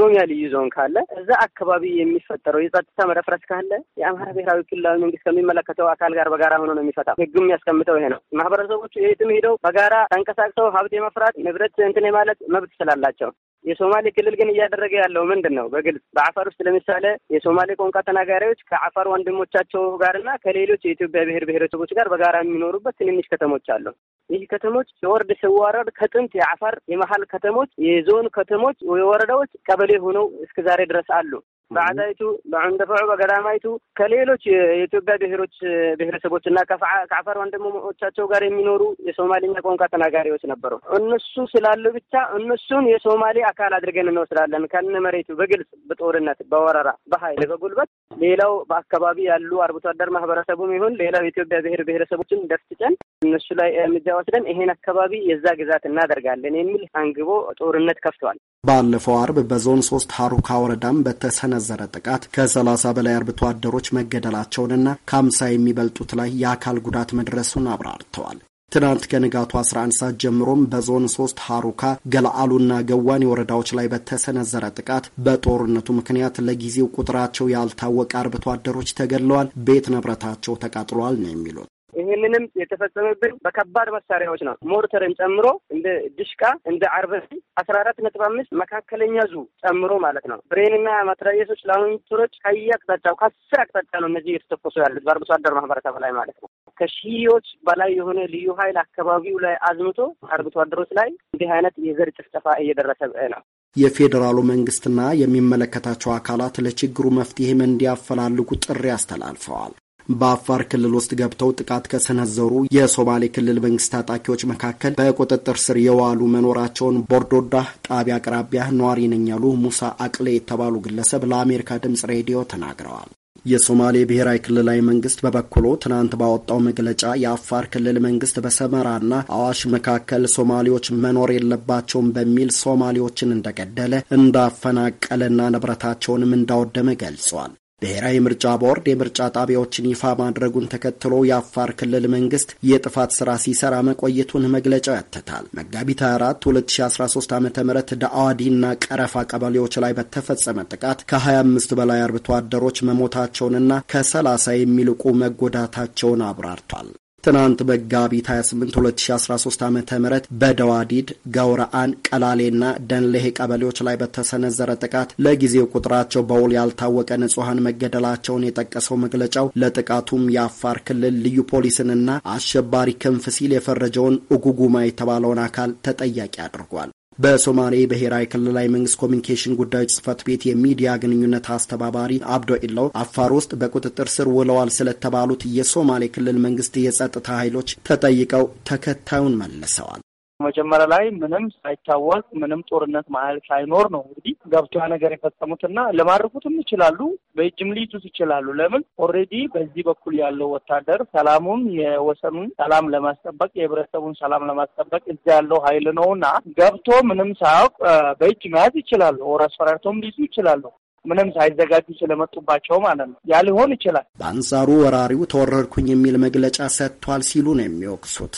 የኦሮሚያ ልዩ ዞን ካለ እዛ አካባቢ የሚፈጠረው የጸጥታ መደፍረስ ካለ የአማራ ብሔራዊ ክልላዊ መንግስት ከሚመለከተው አካል ጋር በጋራ ሆኖ ነው የሚፈታ ህግም የሚያስቀምጠው ይሄ ነው። ማህበረሰቦቹ የትም ሄደው በጋራ ተንቀሳቅሰው ሀብት የመፍራት ንብረት እንትን የማለት መብት ስላላቸው የሶማሌ ክልል ግን እያደረገ ያለው ምንድን ነው? በግልጽ በአፋር ውስጥ ለምሳሌ የሶማሌ ቋንቋ ተናጋሪዎች ከአፋር ወንድሞቻቸው ጋርና ከሌሎች የኢትዮጵያ ብሔር ብሔረሰቦች ጋር በጋራ የሚኖሩበት ትንንሽ ከተሞች አሉ። እነዚህ ከተሞች ሲወርድ ሲዋረድ ከጥንት የአፋር የመሀል ከተሞች፣ የዞን ከተሞች፣ የወረዳዎች ቀበሌ ሆነው እስከ ዛሬ ድረስ አሉ። ባዕዳይቱ በዑንደ በገዳማይቱ ከሌሎች የኢትዮጵያ ብሔሮች ብሔረሰቦች እና ከአፋር ወንድሞቻቸው ጋር የሚኖሩ የሶማሌኛ ቋንቋ ተናጋሪዎች ነበሩ። እነሱ ስላሉ ብቻ እነሱን የሶማሌ አካል አድርገን እንወስዳለን ከነ መሬቱ በግልጽ በጦርነት በወረራ በኃይል በጉልበት ሌላው በአካባቢ ያሉ አርብቶ አደር ማህበረሰቡም ይሁን ሌላው የኢትዮጵያ ብሔር ብሔረሰቦችን ደፍጭጨን እነሱ ላይ እርምጃ ወስደን ይሄን አካባቢ የዛ ግዛት እናደርጋለን የሚል አንግቦ ጦርነት ከፍተዋል። ባለፈው አርብ በዞን ሶስት ሀሩካ ወረዳም በተሰነ በሰነዘረ ጥቃት ከ30 በላይ አርብቶ አደሮች መገደላቸውንና ከ50 የሚበልጡት ላይ የአካል ጉዳት መድረሱን አብራርተዋል። ትናንት ከንጋቱ 11 ሰዓት ጀምሮም በዞን 3 ሐሩካ ገላአሉና ገዋኔ ወረዳዎች ላይ በተሰነዘረ ጥቃት በጦርነቱ ምክንያት ለጊዜው ቁጥራቸው ያልታወቀ አርብቶ አደሮች ተገድለዋል፣ ቤት ንብረታቸው ተቃጥሏል ነው የሚሉት ይህንንም የተፈጸመብን በከባድ መሳሪያዎች ነው። ሞርተርን ጨምሮ እንደ ድሽቃ፣ እንደ አርበሲ አስራ አራት ነጥብ አምስት መካከለኛ ዙ ጨምሮ ማለት ነው። ብሬንና ማትራየሶች ላውንቸሮች አቅጣጫው ከአስር አቅጣጫ ነው እነዚህ እየተተኮሱ ያሉት በአርብቶ አደር ማህበረሰብ ላይ ማለት ነው። ከሺዎች በላይ የሆነ ልዩ ኃይል አካባቢው ላይ አዝምቶ አርብቶ አደሮች ላይ እንዲህ አይነት የዘር ጭፍጨፋ እየደረሰ ነው። የፌዴራሉ መንግስትና የሚመለከታቸው አካላት ለችግሩ መፍትሄም እንዲያፈላልጉ ጥሪ አስተላልፈዋል። በአፋር ክልል ውስጥ ገብተው ጥቃት ከሰነዘሩ የሶማሌ ክልል መንግስት ታጣቂዎች መካከል በቁጥጥር ስር የዋሉ መኖራቸውን ቦርዶዳ ጣቢያ አቅራቢያ ነዋሪ ነኝ ያሉ ሙሳ አቅሌ የተባሉ ግለሰብ ለአሜሪካ ድምጽ ሬዲዮ ተናግረዋል። የሶማሌ ብሔራዊ ክልላዊ መንግስት በበኩሉ ትናንት ባወጣው መግለጫ የአፋር ክልል መንግስት በሰመራና አዋሽ መካከል ሶማሌዎች መኖር የለባቸውም በሚል ሶማሌዎችን እንደገደለ እንዳፈናቀለና ንብረታቸውንም እንዳወደመ ገልጿል። ብሔራዊ ምርጫ ቦርድ የምርጫ ጣቢያዎችን ይፋ ማድረጉን ተከትሎ የአፋር ክልል መንግስት የጥፋት ስራ ሲሰራ መቆየቱን መግለጫው ያተታል። መጋቢት 24 2013 ዓ ም ዳአዋዲና ቀረፋ ቀበሌዎች ላይ በተፈጸመ ጥቃት ከ25 በላይ አርብቶ አደሮች መሞታቸውንና ከ30 የሚልቁ መጎዳታቸውን አብራርቷል። ትናንት መጋቢት 28 2013 ዓ ም በደዋዲድ ገውረአን፣ ቀላሌና ደንሌሄ ቀበሌዎች ላይ በተሰነዘረ ጥቃት ለጊዜው ቁጥራቸው በውል ያልታወቀ ንጹሐን መገደላቸውን የጠቀሰው መግለጫው ለጥቃቱም የአፋር ክልል ልዩ ፖሊስንና አሸባሪ ክንፍ ሲል የፈረጀውን እጉጉማ የተባለውን አካል ተጠያቂ አድርጓል። በሶማሌ ብሔራዊ ክልላዊ መንግስት ኮሚኒኬሽን ጉዳዮች ጽህፈት ቤት የሚዲያ ግንኙነት አስተባባሪ አብዶ ኢለው አፋር ውስጥ በቁጥጥር ስር ውለዋል ስለተባሉት የሶማሌ ክልል መንግስት የጸጥታ ኃይሎች ተጠይቀው ተከታዩን መልሰዋል። መጀመሪያ ላይ ምንም ሳይታወቅ ምንም ጦርነት መሀል ሳይኖር ነው እንግዲህ ገብቶ ያ ነገር የፈጸሙት እና ለማድረጉትም ይችላሉ፣ በእጅም ሊይዙት ይችላሉ። ለምን ኦልሬዲ በዚህ በኩል ያለው ወታደር ሰላሙን የወሰኑን ሰላም ለማስጠበቅ የህብረተሰቡን ሰላም ለማስጠበቅ እዚ ያለው ሀይል ነው እና ገብቶ ምንም ሳያውቅ በእጅ መያዝ ይችላሉ። ወር አስፈራርቶም ሊይዙ ይችላሉ። ምንም ሳይዘጋጁ ስለመጡባቸው ማለት ነው። ያ ሊሆን ይችላል። በአንጻሩ ወራሪው ተወረርኩኝ የሚል መግለጫ ሰጥቷል ሲሉ ነው የሚወቅሱት።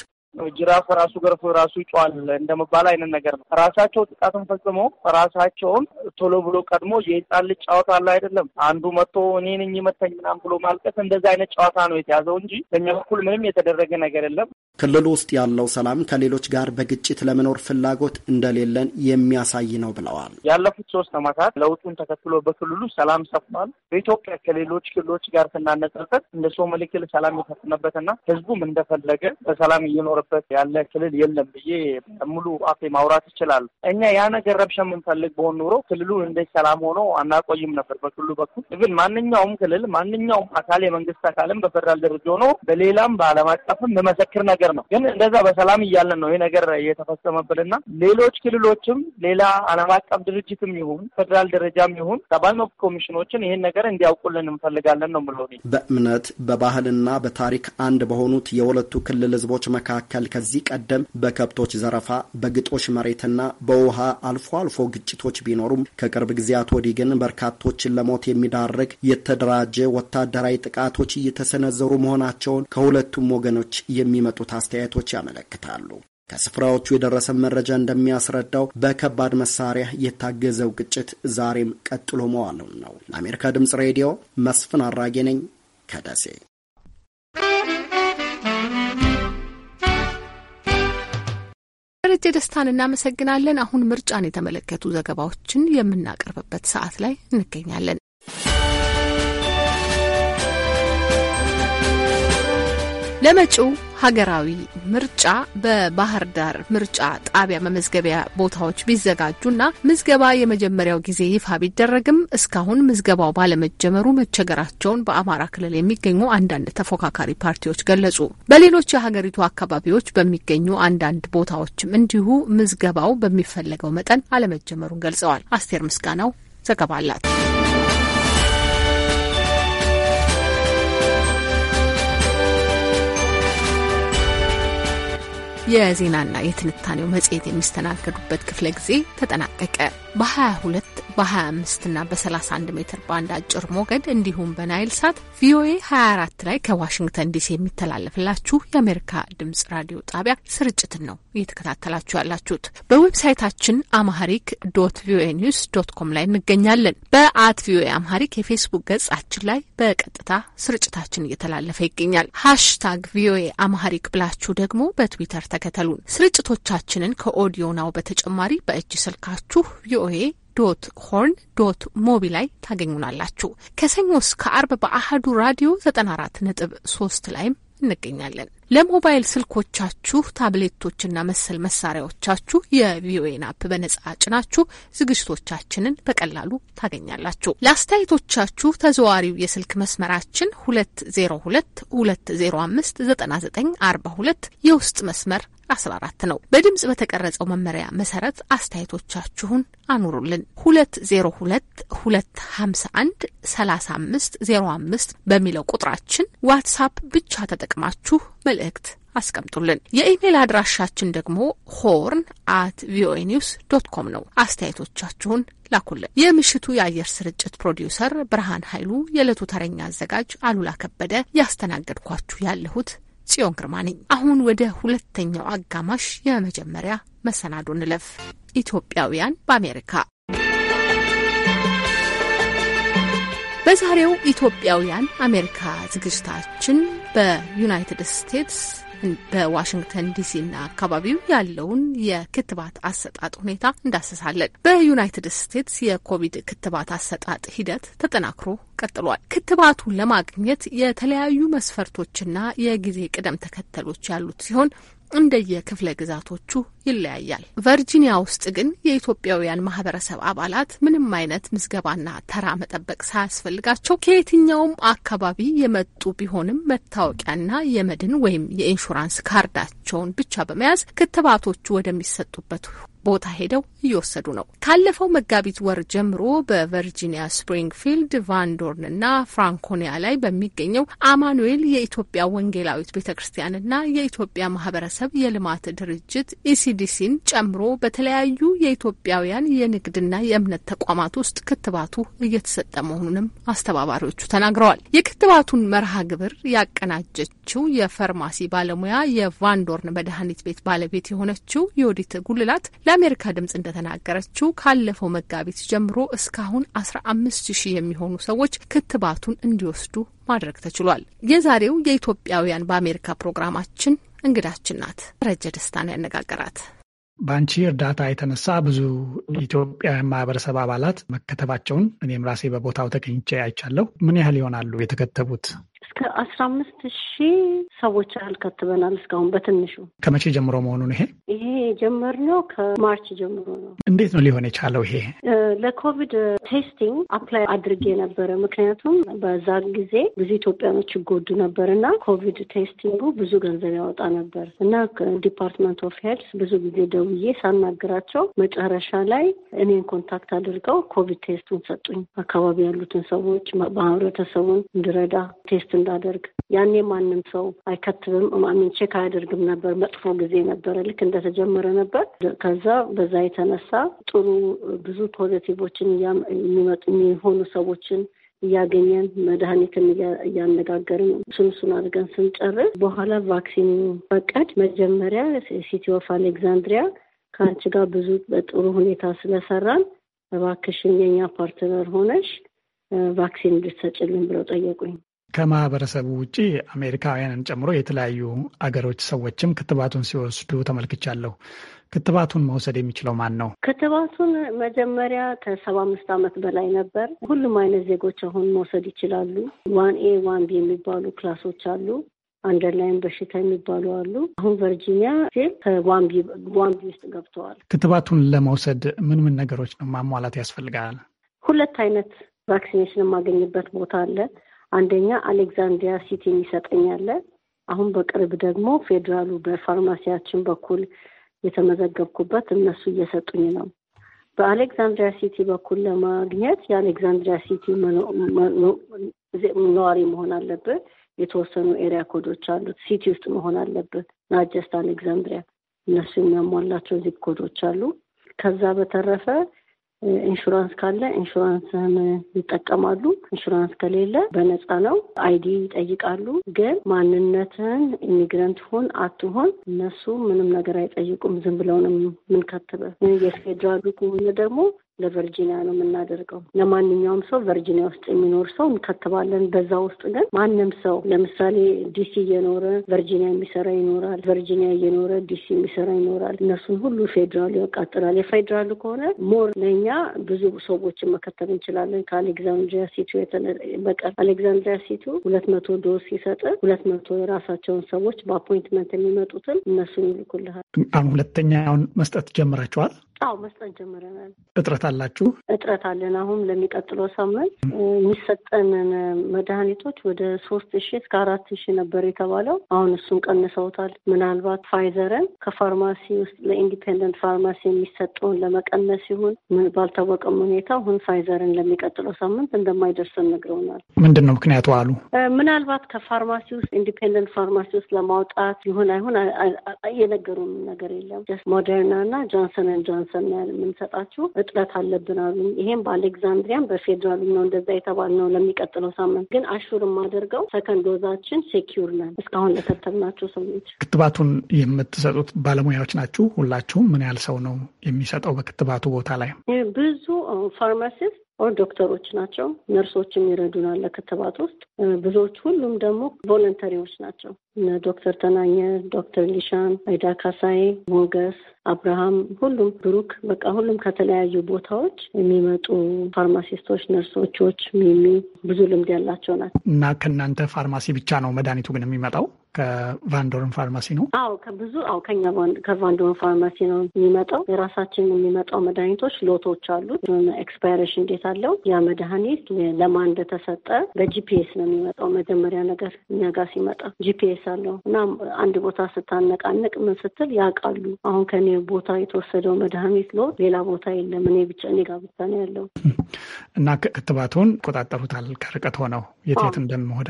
ጅራፍ ራሱ ገርፎ ራሱ ይጮዋል እንደመባል አይነት ነገር ነው። ራሳቸው ጥቃትን ፈጽሞ ራሳቸውን ቶሎ ብሎ ቀድሞ የህፃን ልጅ ጨዋታ አለ አይደለም። አንዱ መጥቶ እኔ ነኝ መተኝ ምናም ብሎ ማልቀስ እንደዚህ አይነት ጨዋታ ነው የተያዘው እንጂ በእኛ በኩል ምንም የተደረገ ነገር የለም። ክልሉ ውስጥ ያለው ሰላም ከሌሎች ጋር በግጭት ለመኖር ፍላጎት እንደሌለን የሚያሳይ ነው ብለዋል። ያለፉት ሶስት ዓመታት ለውጡን ተከትሎ በክልሉ ሰላም ሰፍኗል። በኢትዮጵያ ከሌሎች ክልሎች ጋር ስናነጻጽር እንደ ሶማሌ ክልል ሰላም የሰፈነበትና ህዝቡም እንደፈለገ በሰላም እየኖረበት ያለ ክልል የለም ብዬ ሙሉ አፌ ማውራት ይችላል። እኛ ያ ነገር ረብሻ የምንፈልግ በሆን ኑሮ ክልሉ እንደ ሰላም ሆኖ አናቆይም ነበር። በክልሉ በኩል ግን ማንኛውም ክልል ማንኛውም አካል የመንግስት አካልም በፌደራል ደረጃ ሆኖ በሌላም በዓለም አቀፍም መመሰክር ነገር ነገር ነው። ግን እንደዛ በሰላም እያለን ነው ይሄ ነገር እየተፈጸመብንና ሌሎች ክልሎችም ሌላ ዓለም አቀፍ ድርጅትም ይሁን ፌዴራል ደረጃም ይሁን ሰብአዊ መብት ኮሚሽኖችን ይሄን ነገር እንዲያውቁልን እንፈልጋለን ነው ምለው። በእምነት በባህልና በታሪክ አንድ በሆኑት የሁለቱ ክልል ህዝቦች መካከል ከዚህ ቀደም በከብቶች ዘረፋ፣ በግጦሽ መሬትና በውሃ አልፎ አልፎ ግጭቶች ቢኖሩም ከቅርብ ጊዜያት ወዲህ ግን በርካቶችን ለሞት የሚዳርግ የተደራጀ ወታደራዊ ጥቃቶች እየተሰነዘሩ መሆናቸውን ከሁለቱም ወገኖች የሚመጡት አስተያየቶች ያመለክታሉ። ከስፍራዎቹ የደረሰን መረጃ እንደሚያስረዳው በከባድ መሳሪያ የታገዘው ግጭት ዛሬም ቀጥሎ መዋሉን ነው። ለአሜሪካ ድምፅ ሬዲዮ መስፍን አራጌ ነኝ ከደሴ። ደረጀ ደስታን እናመሰግናለን። አሁን ምርጫን የተመለከቱ ዘገባዎችን የምናቀርብበት ሰዓት ላይ እንገኛለን። ለመጪው ሀገራዊ ምርጫ በባህር ዳር ምርጫ ጣቢያ መመዝገቢያ ቦታዎች ቢዘጋጁና ምዝገባ የመጀመሪያው ጊዜ ይፋ ቢደረግም እስካሁን ምዝገባው ባለመጀመሩ መቸገራቸውን በአማራ ክልል የሚገኙ አንዳንድ ተፎካካሪ ፓርቲዎች ገለጹ። በሌሎች የሀገሪቱ አካባቢዎች በሚገኙ አንዳንድ ቦታዎችም እንዲሁ ምዝገባው በሚፈለገው መጠን አለመጀመሩን ገልጸዋል። አስቴር ምስጋናው ዘገባ አላት። የዜናና የትንታኔው መጽሔት የሚስተናገዱበት ክፍለ ጊዜ ተጠናቀቀ። በ22 በ25 እና በ31 ሜትር ባንድ አጭር ሞገድ እንዲሁም በናይል ሳት ቪኦኤ 24 ላይ ከዋሽንግተን ዲሲ የሚተላለፍላችሁ የአሜሪካ ድምጽ ራዲዮ ጣቢያ ስርጭትን ነው እየተከታተላችሁ ያላችሁት። በዌብሳይታችን አማሪክ ዶት ቪኦኤ ኒውስ ዶት ኮም ላይ እንገኛለን። በአት ቪኦኤ አማሪክ የፌስቡክ ገጻችን ላይ በቀጥታ ስርጭታችን እየተላለፈ ይገኛል። ሃሽታግ ቪኦኤ አማሪክ ብላችሁ ደግሞ በትዊተር ተከተሉን። ስርጭቶቻችንን ከኦዲዮ ናው በተጨማሪ በእጅ ስልካችሁ ቪኦኤ ዶት ሆርን ዶት ሞቢ ላይ ታገኙናላችሁ። ከሰኞ እስከ አርብ በአህዱ ራዲዮ 94 ነጥብ 3 ላይም እንገኛለን። ለሞባይል ስልኮቻችሁ ታብሌቶችና መሰል መሳሪያዎቻችሁ የቪኦኤን አፕ በነጻ ጭናችሁ ዝግጅቶቻችንን በቀላሉ ታገኛላችሁ። ለአስተያየቶቻችሁ ተዘዋሪው የስልክ መስመራችን ሁለት ዜሮ ሁለት ሁለት ዜሮ አምስት ዘጠና ዘጠኝ አርባ ሁለት የውስጥ መስመር 14 ነው። በድምጽ በተቀረጸው መመሪያ መሰረት አስተያየቶቻችሁን አኑሩልን። 202 251 በሚለው ቁጥራችን ዋትሳፕ ብቻ ተጠቅማችሁ መልእክት አስቀምጡልን። የኢሜል አድራሻችን ደግሞ ሆርን አት ቪኦኤ ኒውስ ዶት ኮም ነው። አስተያየቶቻችሁን ላኩልን። የምሽቱ የአየር ስርጭት ፕሮዲውሰር ብርሃን ኃይሉ፣ የዕለቱ ተረኛ አዘጋጅ አሉላ ከበደ፣ ያስተናገድኳችሁ ያለሁት ጽዮን ግርማ ነኝ። አሁን ወደ ሁለተኛው አጋማሽ የመጀመሪያ መሰናዶ እንለፍ። ኢትዮጵያውያን በአሜሪካ በዛሬው ኢትዮጵያውያን አሜሪካ ዝግጅታችን በዩናይትድ ስቴትስ በዋሽንግተን ዲሲና አካባቢው ያለውን የክትባት አሰጣጥ ሁኔታ እንዳሰሳለን። በዩናይትድ ስቴትስ የኮቪድ ክትባት አሰጣጥ ሂደት ተጠናክሮ ቀጥሏል። ክትባቱን ለማግኘት የተለያዩ መስፈርቶችና የጊዜ ቅደም ተከተሎች ያሉት ሲሆን እንደየክፍለ ግዛቶቹ ይለያያል። ቨርጂኒያ ውስጥ ግን የኢትዮጵያውያን ማህበረሰብ አባላት ምንም አይነት ምዝገባና ተራ መጠበቅ ሳያስፈልጋቸው ከየትኛውም አካባቢ የመጡ ቢሆንም መታወቂያና የመድን ወይም የኢንሹራንስ ካርዳቸውን ብቻ በመያዝ ክትባቶቹ ወደሚሰጡበት ቦታ ሄደው እየወሰዱ ነው። ካለፈው መጋቢት ወር ጀምሮ በቨርጂኒያ ስፕሪንግፊልድ ቫንዶርን እና ፍራንኮኒያ ላይ በሚገኘው አማኑኤል የኢትዮጵያ ወንጌላዊት ቤተ እና የኢትዮጵያ ማህበረሰብ የልማት ድርጅት ኢሲዲሲን ጨምሮ በተለያዩ የኢትዮጵያውያን የንግድና የእምነት ተቋማት ውስጥ ክትባቱ እየተሰጠ መሆኑንም አስተባባሪዎቹ ተናግረዋል። የክትባቱን መርሃ ግብር ያቀናጀችው የፋርማሲ ባለሙያ የቫንዶርን መድኃኒት ቤት ባለቤት የሆነችው የወዲት ጉልላት ለአሜሪካ ድምጽ እንደተናገረችው ካለፈው መጋቢት ጀምሮ እስካሁን አስራ አምስት ሺህ የሚሆኑ ሰዎች ክትባቱን እንዲወስዱ ማድረግ ተችሏል። የዛሬው የኢትዮጵያውያን በአሜሪካ ፕሮግራማችን እንግዳችን ናት። ረጀ ደስታ ነው ያነጋገራት። በአንቺ እርዳታ የተነሳ ብዙ ኢትዮጵያውያን ማህበረሰብ አባላት መከተባቸውን እኔም ራሴ በቦታው ተገኝቼ አይቻለሁ። ምን ያህል ይሆናሉ የተከተቡት? እስከ አስራ አምስት ሺህ ሰዎች ያህል ከትበናል እስካሁን በትንሹ። ከመቼ ጀምሮ መሆኑን ይሄ ይሄ የጀመርነው ከማርች ጀምሮ ነው። እንዴት ነው ሊሆን የቻለው ይሄ? ለኮቪድ ቴስቲንግ አፕላይ አድርጌ ነበረ። ምክንያቱም በዛ ጊዜ ብዙ ኢትዮጵያኖች ይጎዱ ነበር እና ኮቪድ ቴስቲንጉ ብዙ ገንዘብ ያወጣ ነበር እና ዲፓርትመንት ኦፍ ሄልስ ብዙ ጊዜ ደውዬ ሳናግራቸው መጨረሻ ላይ እኔን ኮንታክት አድርገው ኮቪድ ቴስቱን ሰጡኝ። አካባቢ ያሉትን ሰዎች ማህበረተሰቡን እንድረዳ ቴስት እንዳደርግ ያኔ ማንም ሰው አይከትብም ማሚን ቼክ አያደርግም ነበር። መጥፎ ጊዜ ነበረ፣ ልክ እንደተጀመረ ነበር። ከዛ በዛ የተነሳ ጥሩ ብዙ ፖዘቲቮችን የሚመጡ የሚሆኑ ሰዎችን እያገኘን መድኃኒትን እያነጋገርን ስንሱን አድርገን ስንጨርስ በኋላ ቫክሲኑ ፈቀድ መጀመሪያ ሲቲ ኦፍ አሌክዛንድሪያ ከአንቺ ጋር ብዙ በጥሩ ሁኔታ ስለሰራን እባክሽን የኛ ፓርትነር ሆነሽ ቫክሲን እንድትሰጭልን ብለው ጠየቁኝ። ከማህበረሰቡ ውጭ አሜሪካውያንን ጨምሮ የተለያዩ አገሮች ሰዎችም ክትባቱን ሲወስዱ ተመልክቻለሁ። ክትባቱን መውሰድ የሚችለው ማን ነው? ክትባቱን መጀመሪያ ከሰባ አምስት ዓመት በላይ ነበር። ሁሉም አይነት ዜጎች አሁን መውሰድ ይችላሉ። ዋን ኤ ዋን ቢ የሚባሉ ክላሶች አሉ። አንደርላይን በሽታ የሚባሉ አሉ። አሁን ቨርጂኒያ ሴል ከዋንቢ ውስጥ ገብተዋል። ክትባቱን ለመውሰድ ምን ምን ነገሮች ነው ማሟላት ያስፈልጋል? ሁለት አይነት ቫክሲኔሽን የማገኝበት ቦታ አለ። አንደኛ አሌክዛንድሪያ ሲቲ የሚሰጠኛለ አሁን በቅርብ ደግሞ ፌዴራሉ በፋርማሲያችን በኩል የተመዘገብኩበት እነሱ እየሰጡኝ ነው። በአሌክዛንድሪያ ሲቲ በኩል ለማግኘት የአሌክዛንድሪያ ሲቲ ነዋሪ መሆን አለብህ። የተወሰኑ ኤሪያ ኮዶች አሉት። ሲቲ ውስጥ መሆን አለብህ። ናጀስት አሌክዛንድሪያ እነሱ የሚያሟላቸው ዚፕ ኮዶች አሉ። ከዛ በተረፈ ኢንሹራንስ ካለ ኢንሹራንስን ይጠቀማሉ። ኢንሹራንስ ከሌለ በነፃ ነው። አይዲ ይጠይቃሉ። ግን ማንነትን ኢሚግረንት ሆን አትሆን እነሱ ምንም ነገር አይጠይቁም። ዝም ብለውንም ምንከትበ የፌዴራሉ ከሆነ ደግሞ ለቨርጂኒያ ነው የምናደርገው። ለማንኛውም ሰው ቨርጂኒያ ውስጥ የሚኖር ሰው እንከትባለን። በዛ ውስጥ ግን ማንም ሰው ለምሳሌ ዲሲ እየኖረ ቨርጂኒያ የሚሰራ ይኖራል፣ ቨርጂኒያ እየኖረ ዲሲ የሚሰራ ይኖራል። እነሱን ሁሉ ፌዴራሉ ያቃጥላል። የፌዴራሉ ከሆነ ሞር ለእኛ ብዙ ሰዎችን መከተብ እንችላለን። ከአሌግዛንድሪያ ሲቱ በቀር አሌግዛንድሪያ ሲቱ ሁለት መቶ ዶዝ ሲሰጥ ሁለት መቶ የራሳቸውን ሰዎች በአፖይንትመንት የሚመጡትን እነሱን ይልኩልሃል። አሁን ሁለተኛውን መስጠት ጀምራቸዋል አዎ መስጠት ጀምረናል። እጥረት አላችሁ? እጥረት አለን። አሁን ለሚቀጥለው ሳምንት የሚሰጠንን መድኃኒቶች ወደ ሶስት ሺ እስከ አራት ሺ ነበር የተባለው። አሁን እሱን ቀንሰውታል። ምናልባት ፋይዘርን ከፋርማሲ ውስጥ ለኢንዲፔንደንት ፋርማሲ የሚሰጠውን ለመቀነስ ይሁን ምን ባልታወቀም ሁኔታ አሁን ፋይዘርን ለሚቀጥለው ሳምንት እንደማይደርሰን ነግረውናል። ምንድን ነው ምክንያቱ አሉ? ምናልባት ከፋርማሲ ውስጥ ኢንዲፔንደንት ፋርማሲ ውስጥ ለማውጣት ይሁን አይሁን የነገሩን ነገር የለም። ሞደርና እና ጆንሰን ጆንሰን የምንሰጣችሁ እጥረት አለብን አሉ። ይሄም በአሌክዛንድሪያም በፌዴራል ነው እንደዛ የተባልነው። ለሚቀጥለው ሳምንት ግን አሹር የማደርገው ሰከንድ ዶዛችን ሴኪር ነን። እስካሁን ለከተብናቸው ሰዎች ክትባቱን የምትሰጡት ባለሙያዎች ናችሁ ሁላችሁም? ምን ያህል ሰው ነው የሚሰጠው በክትባቱ ቦታ ላይ? ብዙ ፋርማሲስት ኦር ዶክተሮች ናቸው። ነርሶችም ይረዱናል ለክትባት ውስጥ ብዙዎች፣ ሁሉም ደግሞ ቮለንተሪዎች ናቸው። ዶክተር ተናኘ፣ ዶክተር ሊሻን፣ አይዳ ካሳይ፣ ሞገስ አብርሃም፣ ሁሉም ብሩክ፣ በቃ ሁሉም ከተለያዩ ቦታዎች የሚመጡ ፋርማሲስቶች፣ ነርሶቾች፣ ሚሚ ብዙ ልምድ ያላቸው ናቸው። እና ከእናንተ ፋርማሲ ብቻ ነው መድኃኒቱ ግን የሚመጣው? ከቫንዶርን ፋርማሲ ነው? አዎ፣ ከብዙ አዎ፣ ከኛ ከቫንዶርን ፋርማሲ ነው የሚመጣው። የራሳችን የሚመጣው መድኃኒቶች ሎቶች አሉት። ኤክስፓይሬሽን እንዴት አለው ያ መድኃኒት ለማን እንደተሰጠ በጂፒኤስ ነው የሚመጣው። መጀመሪያ ነገር እኛ ጋር ሲመጣ ጂፒኤስ እመልሳለሁ እና አንድ ቦታ ስታነቃነቅ ምን ስትል ያውቃሉ። አሁን ከኔ ቦታ የተወሰደው መድኃኒት ሎ ሌላ ቦታ የለም እኔ ብቻ እኔ ጋር ብቻ ነው ያለው እና ክትባቱን ቆጣጠሩታል። ከርቀት ሆነው የት የት እንደምሆደ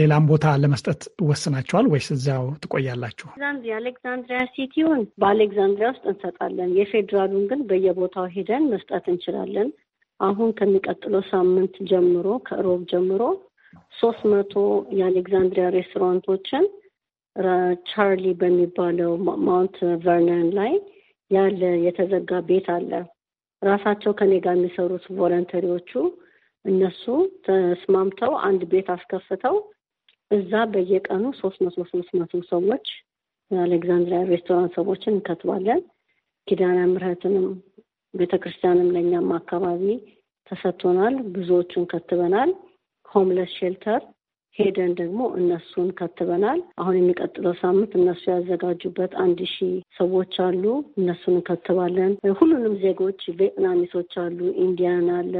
ሌላም ቦታ ለመስጠት ወስናቸዋል ወይስ እዚያው ትቆያላችሁ? የአሌክዛንድሪያ ሲቲውን በአሌክዛንድሪያ ውስጥ እንሰጣለን። የፌዴራሉን ግን በየቦታው ሄደን መስጠት እንችላለን። አሁን ከሚቀጥለው ሳምንት ጀምሮ ከሮብ ጀምሮ ሶስት መቶ የአሌግዛንድሪያ ሬስቶራንቶችን ቻርሊ በሚባለው ማውንት ቨርነን ላይ ያለ የተዘጋ ቤት አለ። ራሳቸው ከኔ ጋር የሚሰሩት ቮለንተሪዎቹ እነሱ ተስማምተው አንድ ቤት አስከፍተው እዛ በየቀኑ ሶስት መቶ ሶስት መቶ ሰዎች የአሌግዛንድሪያ ሬስቶራንት ሰዎችን እንከትባለን። ኪዳነ ምሕረትንም ቤተክርስቲያንም ለእኛም አካባቢ ተሰጥቶናል። ብዙዎቹን ከትበናል። ሆምለስ ሼልተር ሄደን ደግሞ እነሱን ከትበናል። አሁን የሚቀጥለው ሳምንት እነሱ ያዘጋጁበት አንድ ሺህ ሰዎች አሉ። እነሱን እንከትባለን። ሁሉንም ዜጎች ቪየትናሚሶች አሉ፣ ኢንዲያን አለ፣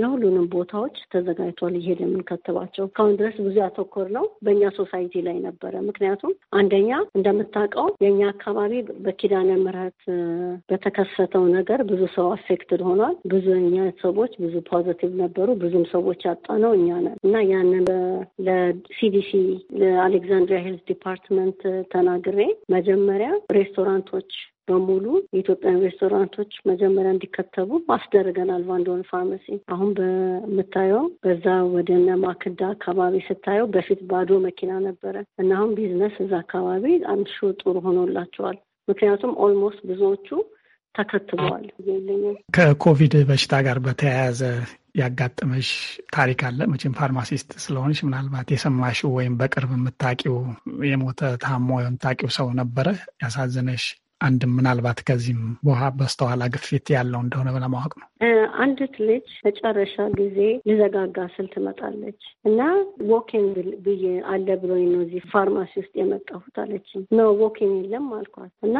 የሁሉንም ቦታዎች ተዘጋጅቷል ይሄ የምንከትባቸው። እስካሁን ድረስ ብዙ ያተኮር ነው በእኛ ሶሳይቲ ላይ ነበረ። ምክንያቱም አንደኛ እንደምታውቀው የእኛ አካባቢ በኪዳነ ምሕረት በተከሰተው ነገር ብዙ ሰው አፌክትድ ሆኗል። ብዙ እኛ ሰዎች ብዙ ፖዘቲቭ ነበሩ፣ ብዙም ሰዎች ያጣ ነው እኛ ነን እና ያንን ለሲዲሲ ለአሌክዛንድሪያ ሄልት ዲፓርትመንት ተናግሬ መጀመሪያ ሬስቶራንቶች በሙሉ የኢትዮጵያን ሬስቶራንቶች መጀመሪያ እንዲከተቡ አስደርገናል። ቫንዶን ፋርማሲ አሁን በምታየው በዛ ወደ እነ ማክዳ አካባቢ ስታየው በፊት ባዶ መኪና ነበረ እና አሁን ቢዝነስ እዛ አካባቢ አንሹ ጥሩ ሆኖላቸዋል። ምክንያቱም ኦልሞስት ብዙዎቹ ተከትበዋል። ከኮቪድ በሽታ ጋር በተያያዘ ያጋጠመሽ ታሪክ አለ? መቼም ፋርማሲስት ስለሆንሽ ምናልባት የሰማሽው ወይም በቅርብ የምታቂው የሞተ ታሞ የምታቂው ሰው ነበረ ያሳዘነሽ አንድ ምናልባት ከዚህም ውሃ በስተኋላ ግፊት ያለው እንደሆነ ለማወቅ ነው። አንዲት ልጅ መጨረሻ ጊዜ ልዘጋጋ ስል ትመጣለች እና ዎኪንግ ብዬ አለ ብሎኝ ነው እዚህ ፋርማሲ ውስጥ የመጣሁት አለችኝ። ነው ዎኪንግ የለም አልኳት እና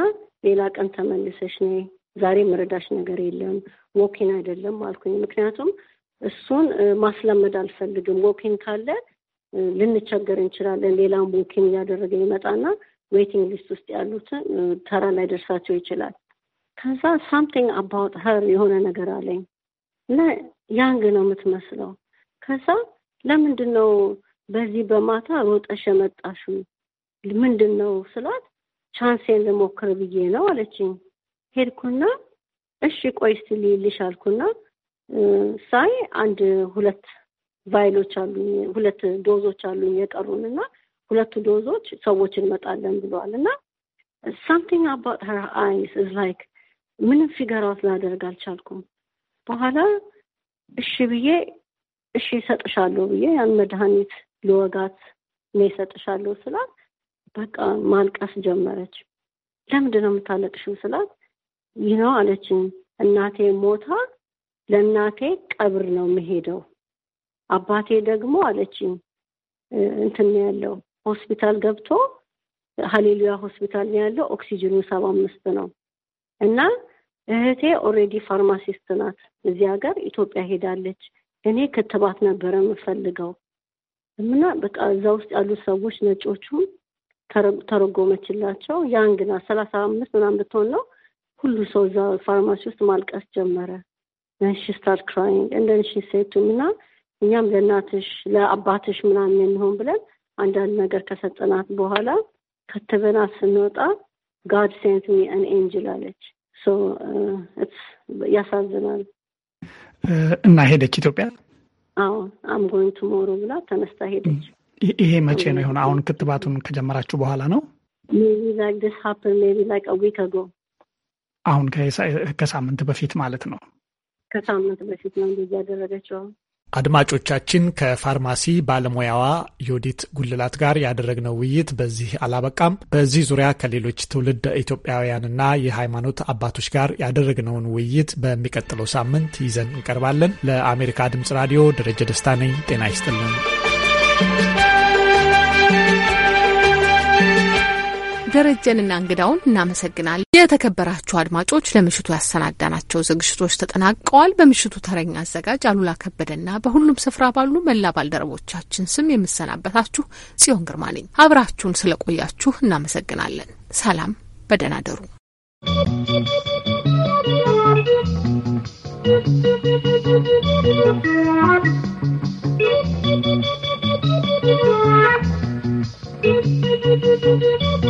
ሌላ ቀን ተመልሰሽ ነይ፣ ዛሬ መረዳሽ ነገር የለም ዎኪን አይደለም አልኩኝ። ምክንያቱም እሱን ማስለመድ አልፈልግም። ዎኪንግ ካለ ልንቸገር እንችላለን። ሌላም ዎኪንግ እያደረገ ይመጣና ዌቲንግ ሊስት ውስጥ ያሉትን ተራ ላይ ደርሳቸው ይችላል። ከዛ ሳምቲንግ አባውት ሀር የሆነ ነገር አለኝ እና ያንግ ነው የምትመስለው። ከዛ ለምንድን ነው በዚህ በማታ ሮጠሽ የመጣሹ ምንድን ነው ስላት፣ ቻንሴን ልሞክር ብዬ ነው አለችኝ። ሄድኩና እሺ ቆይ እስቲ ልይልሽ አልኩና ሳይ አንድ ሁለት ቫይሎች አሉኝ፣ ሁለት ዶዞች አሉኝ የቀሩንና ሁለቱ ዶዞች ሰዎች እንመጣለን ብለዋል እና ሳምቲንግ አባት ሀር አይስ ኢዝ ላይክ ምንም ፊገር አውት ላደርግ አልቻልኩም። በኋላ እሺ ብዬ እሺ ይሰጥሻለሁ ብዬ ያን መድኃኒት ልወጋት እኔ ይሰጥሻለሁ ስላት በቃ ማልቀስ ጀመረች። ለምንድን ነው የምታለቅሽው ስላት ይህ ነው አለችኝ። እናቴ ሞታ ለእናቴ ቀብር ነው የምሄደው አባቴ ደግሞ አለችኝ እንትን ያለው ሆስፒታል ገብቶ ሀሌሉያ ሆስፒታል ነው ያለው። ኦክሲጅኑ ሰባ አምስት ነው እና እህቴ ኦሬዲ ፋርማሲስት ናት። እዚህ ሀገር ኢትዮጵያ ሄዳለች። እኔ ክትባት ነበረ የምፈልገው እና በቃ እዛ ውስጥ ያሉት ሰዎች ነጮቹ ተረጎመችላቸው። ያን ግና ሰላሳ አምስት ምናምን ብትሆን ነው ሁሉ ሰው እዛ ፋርማሲ ውስጥ ማልቀስ ጀመረ። ነሺ ስታርት ክራይንግ እንደንሺ ሴቱም እና እኛም ለእናትሽ ለአባትሽ ምናምን የሚሆን ብለን አንዳንድ ነገር ከሰጠናት በኋላ ከትበናት ስንወጣ ጋድ ሴንት ሚ አን ኤንጅል አለች። uh, ያሳዝናል። uh, እና ሄደች ኢትዮጵያ? አዎ አምጎኝ ቱሞሮ ብላ ተነስታ ሄደች። ይሄ መቼ ነው የሆነ? አሁን ክትባቱን ከጀመራችሁ በኋላ ነው? ሜቢ ላይክ ዲስ ሀፕን ሜቢ ላይክ ዊክ አጎ። አሁን ከሳምንት በፊት ማለት ነው። ከሳምንት በፊት ነው እንደዚህ ያደረገችው። አድማጮቻችን ከፋርማሲ ባለሙያዋ ዮዲት ጉልላት ጋር ያደረግነው ውይይት በዚህ አላበቃም። በዚህ ዙሪያ ከሌሎች ትውልድ ኢትዮጵያውያንና የሃይማኖት አባቶች ጋር ያደረግነውን ውይይት በሚቀጥለው ሳምንት ይዘን እንቀርባለን። ለአሜሪካ ድምጽ ራዲዮ ደረጀ ደስታ ነኝ። ጤና ይስጥልን። ደረጀንና እንግዳውን እናመሰግናለን። የተከበራችሁ አድማጮች ለምሽቱ ያሰናዳናቸው ዝግጅቶች ተጠናቀዋል። በምሽቱ ተረኛ አዘጋጅ አሉላ ከበደና በሁሉም ስፍራ ባሉ መላ ባልደረቦቻችን ስም የምሰናበታችሁ ጽዮን ግርማ ነኝ። አብራችሁን ስለቆያችሁ እናመሰግናለን። ሰላም፣ በደህና ደሩ።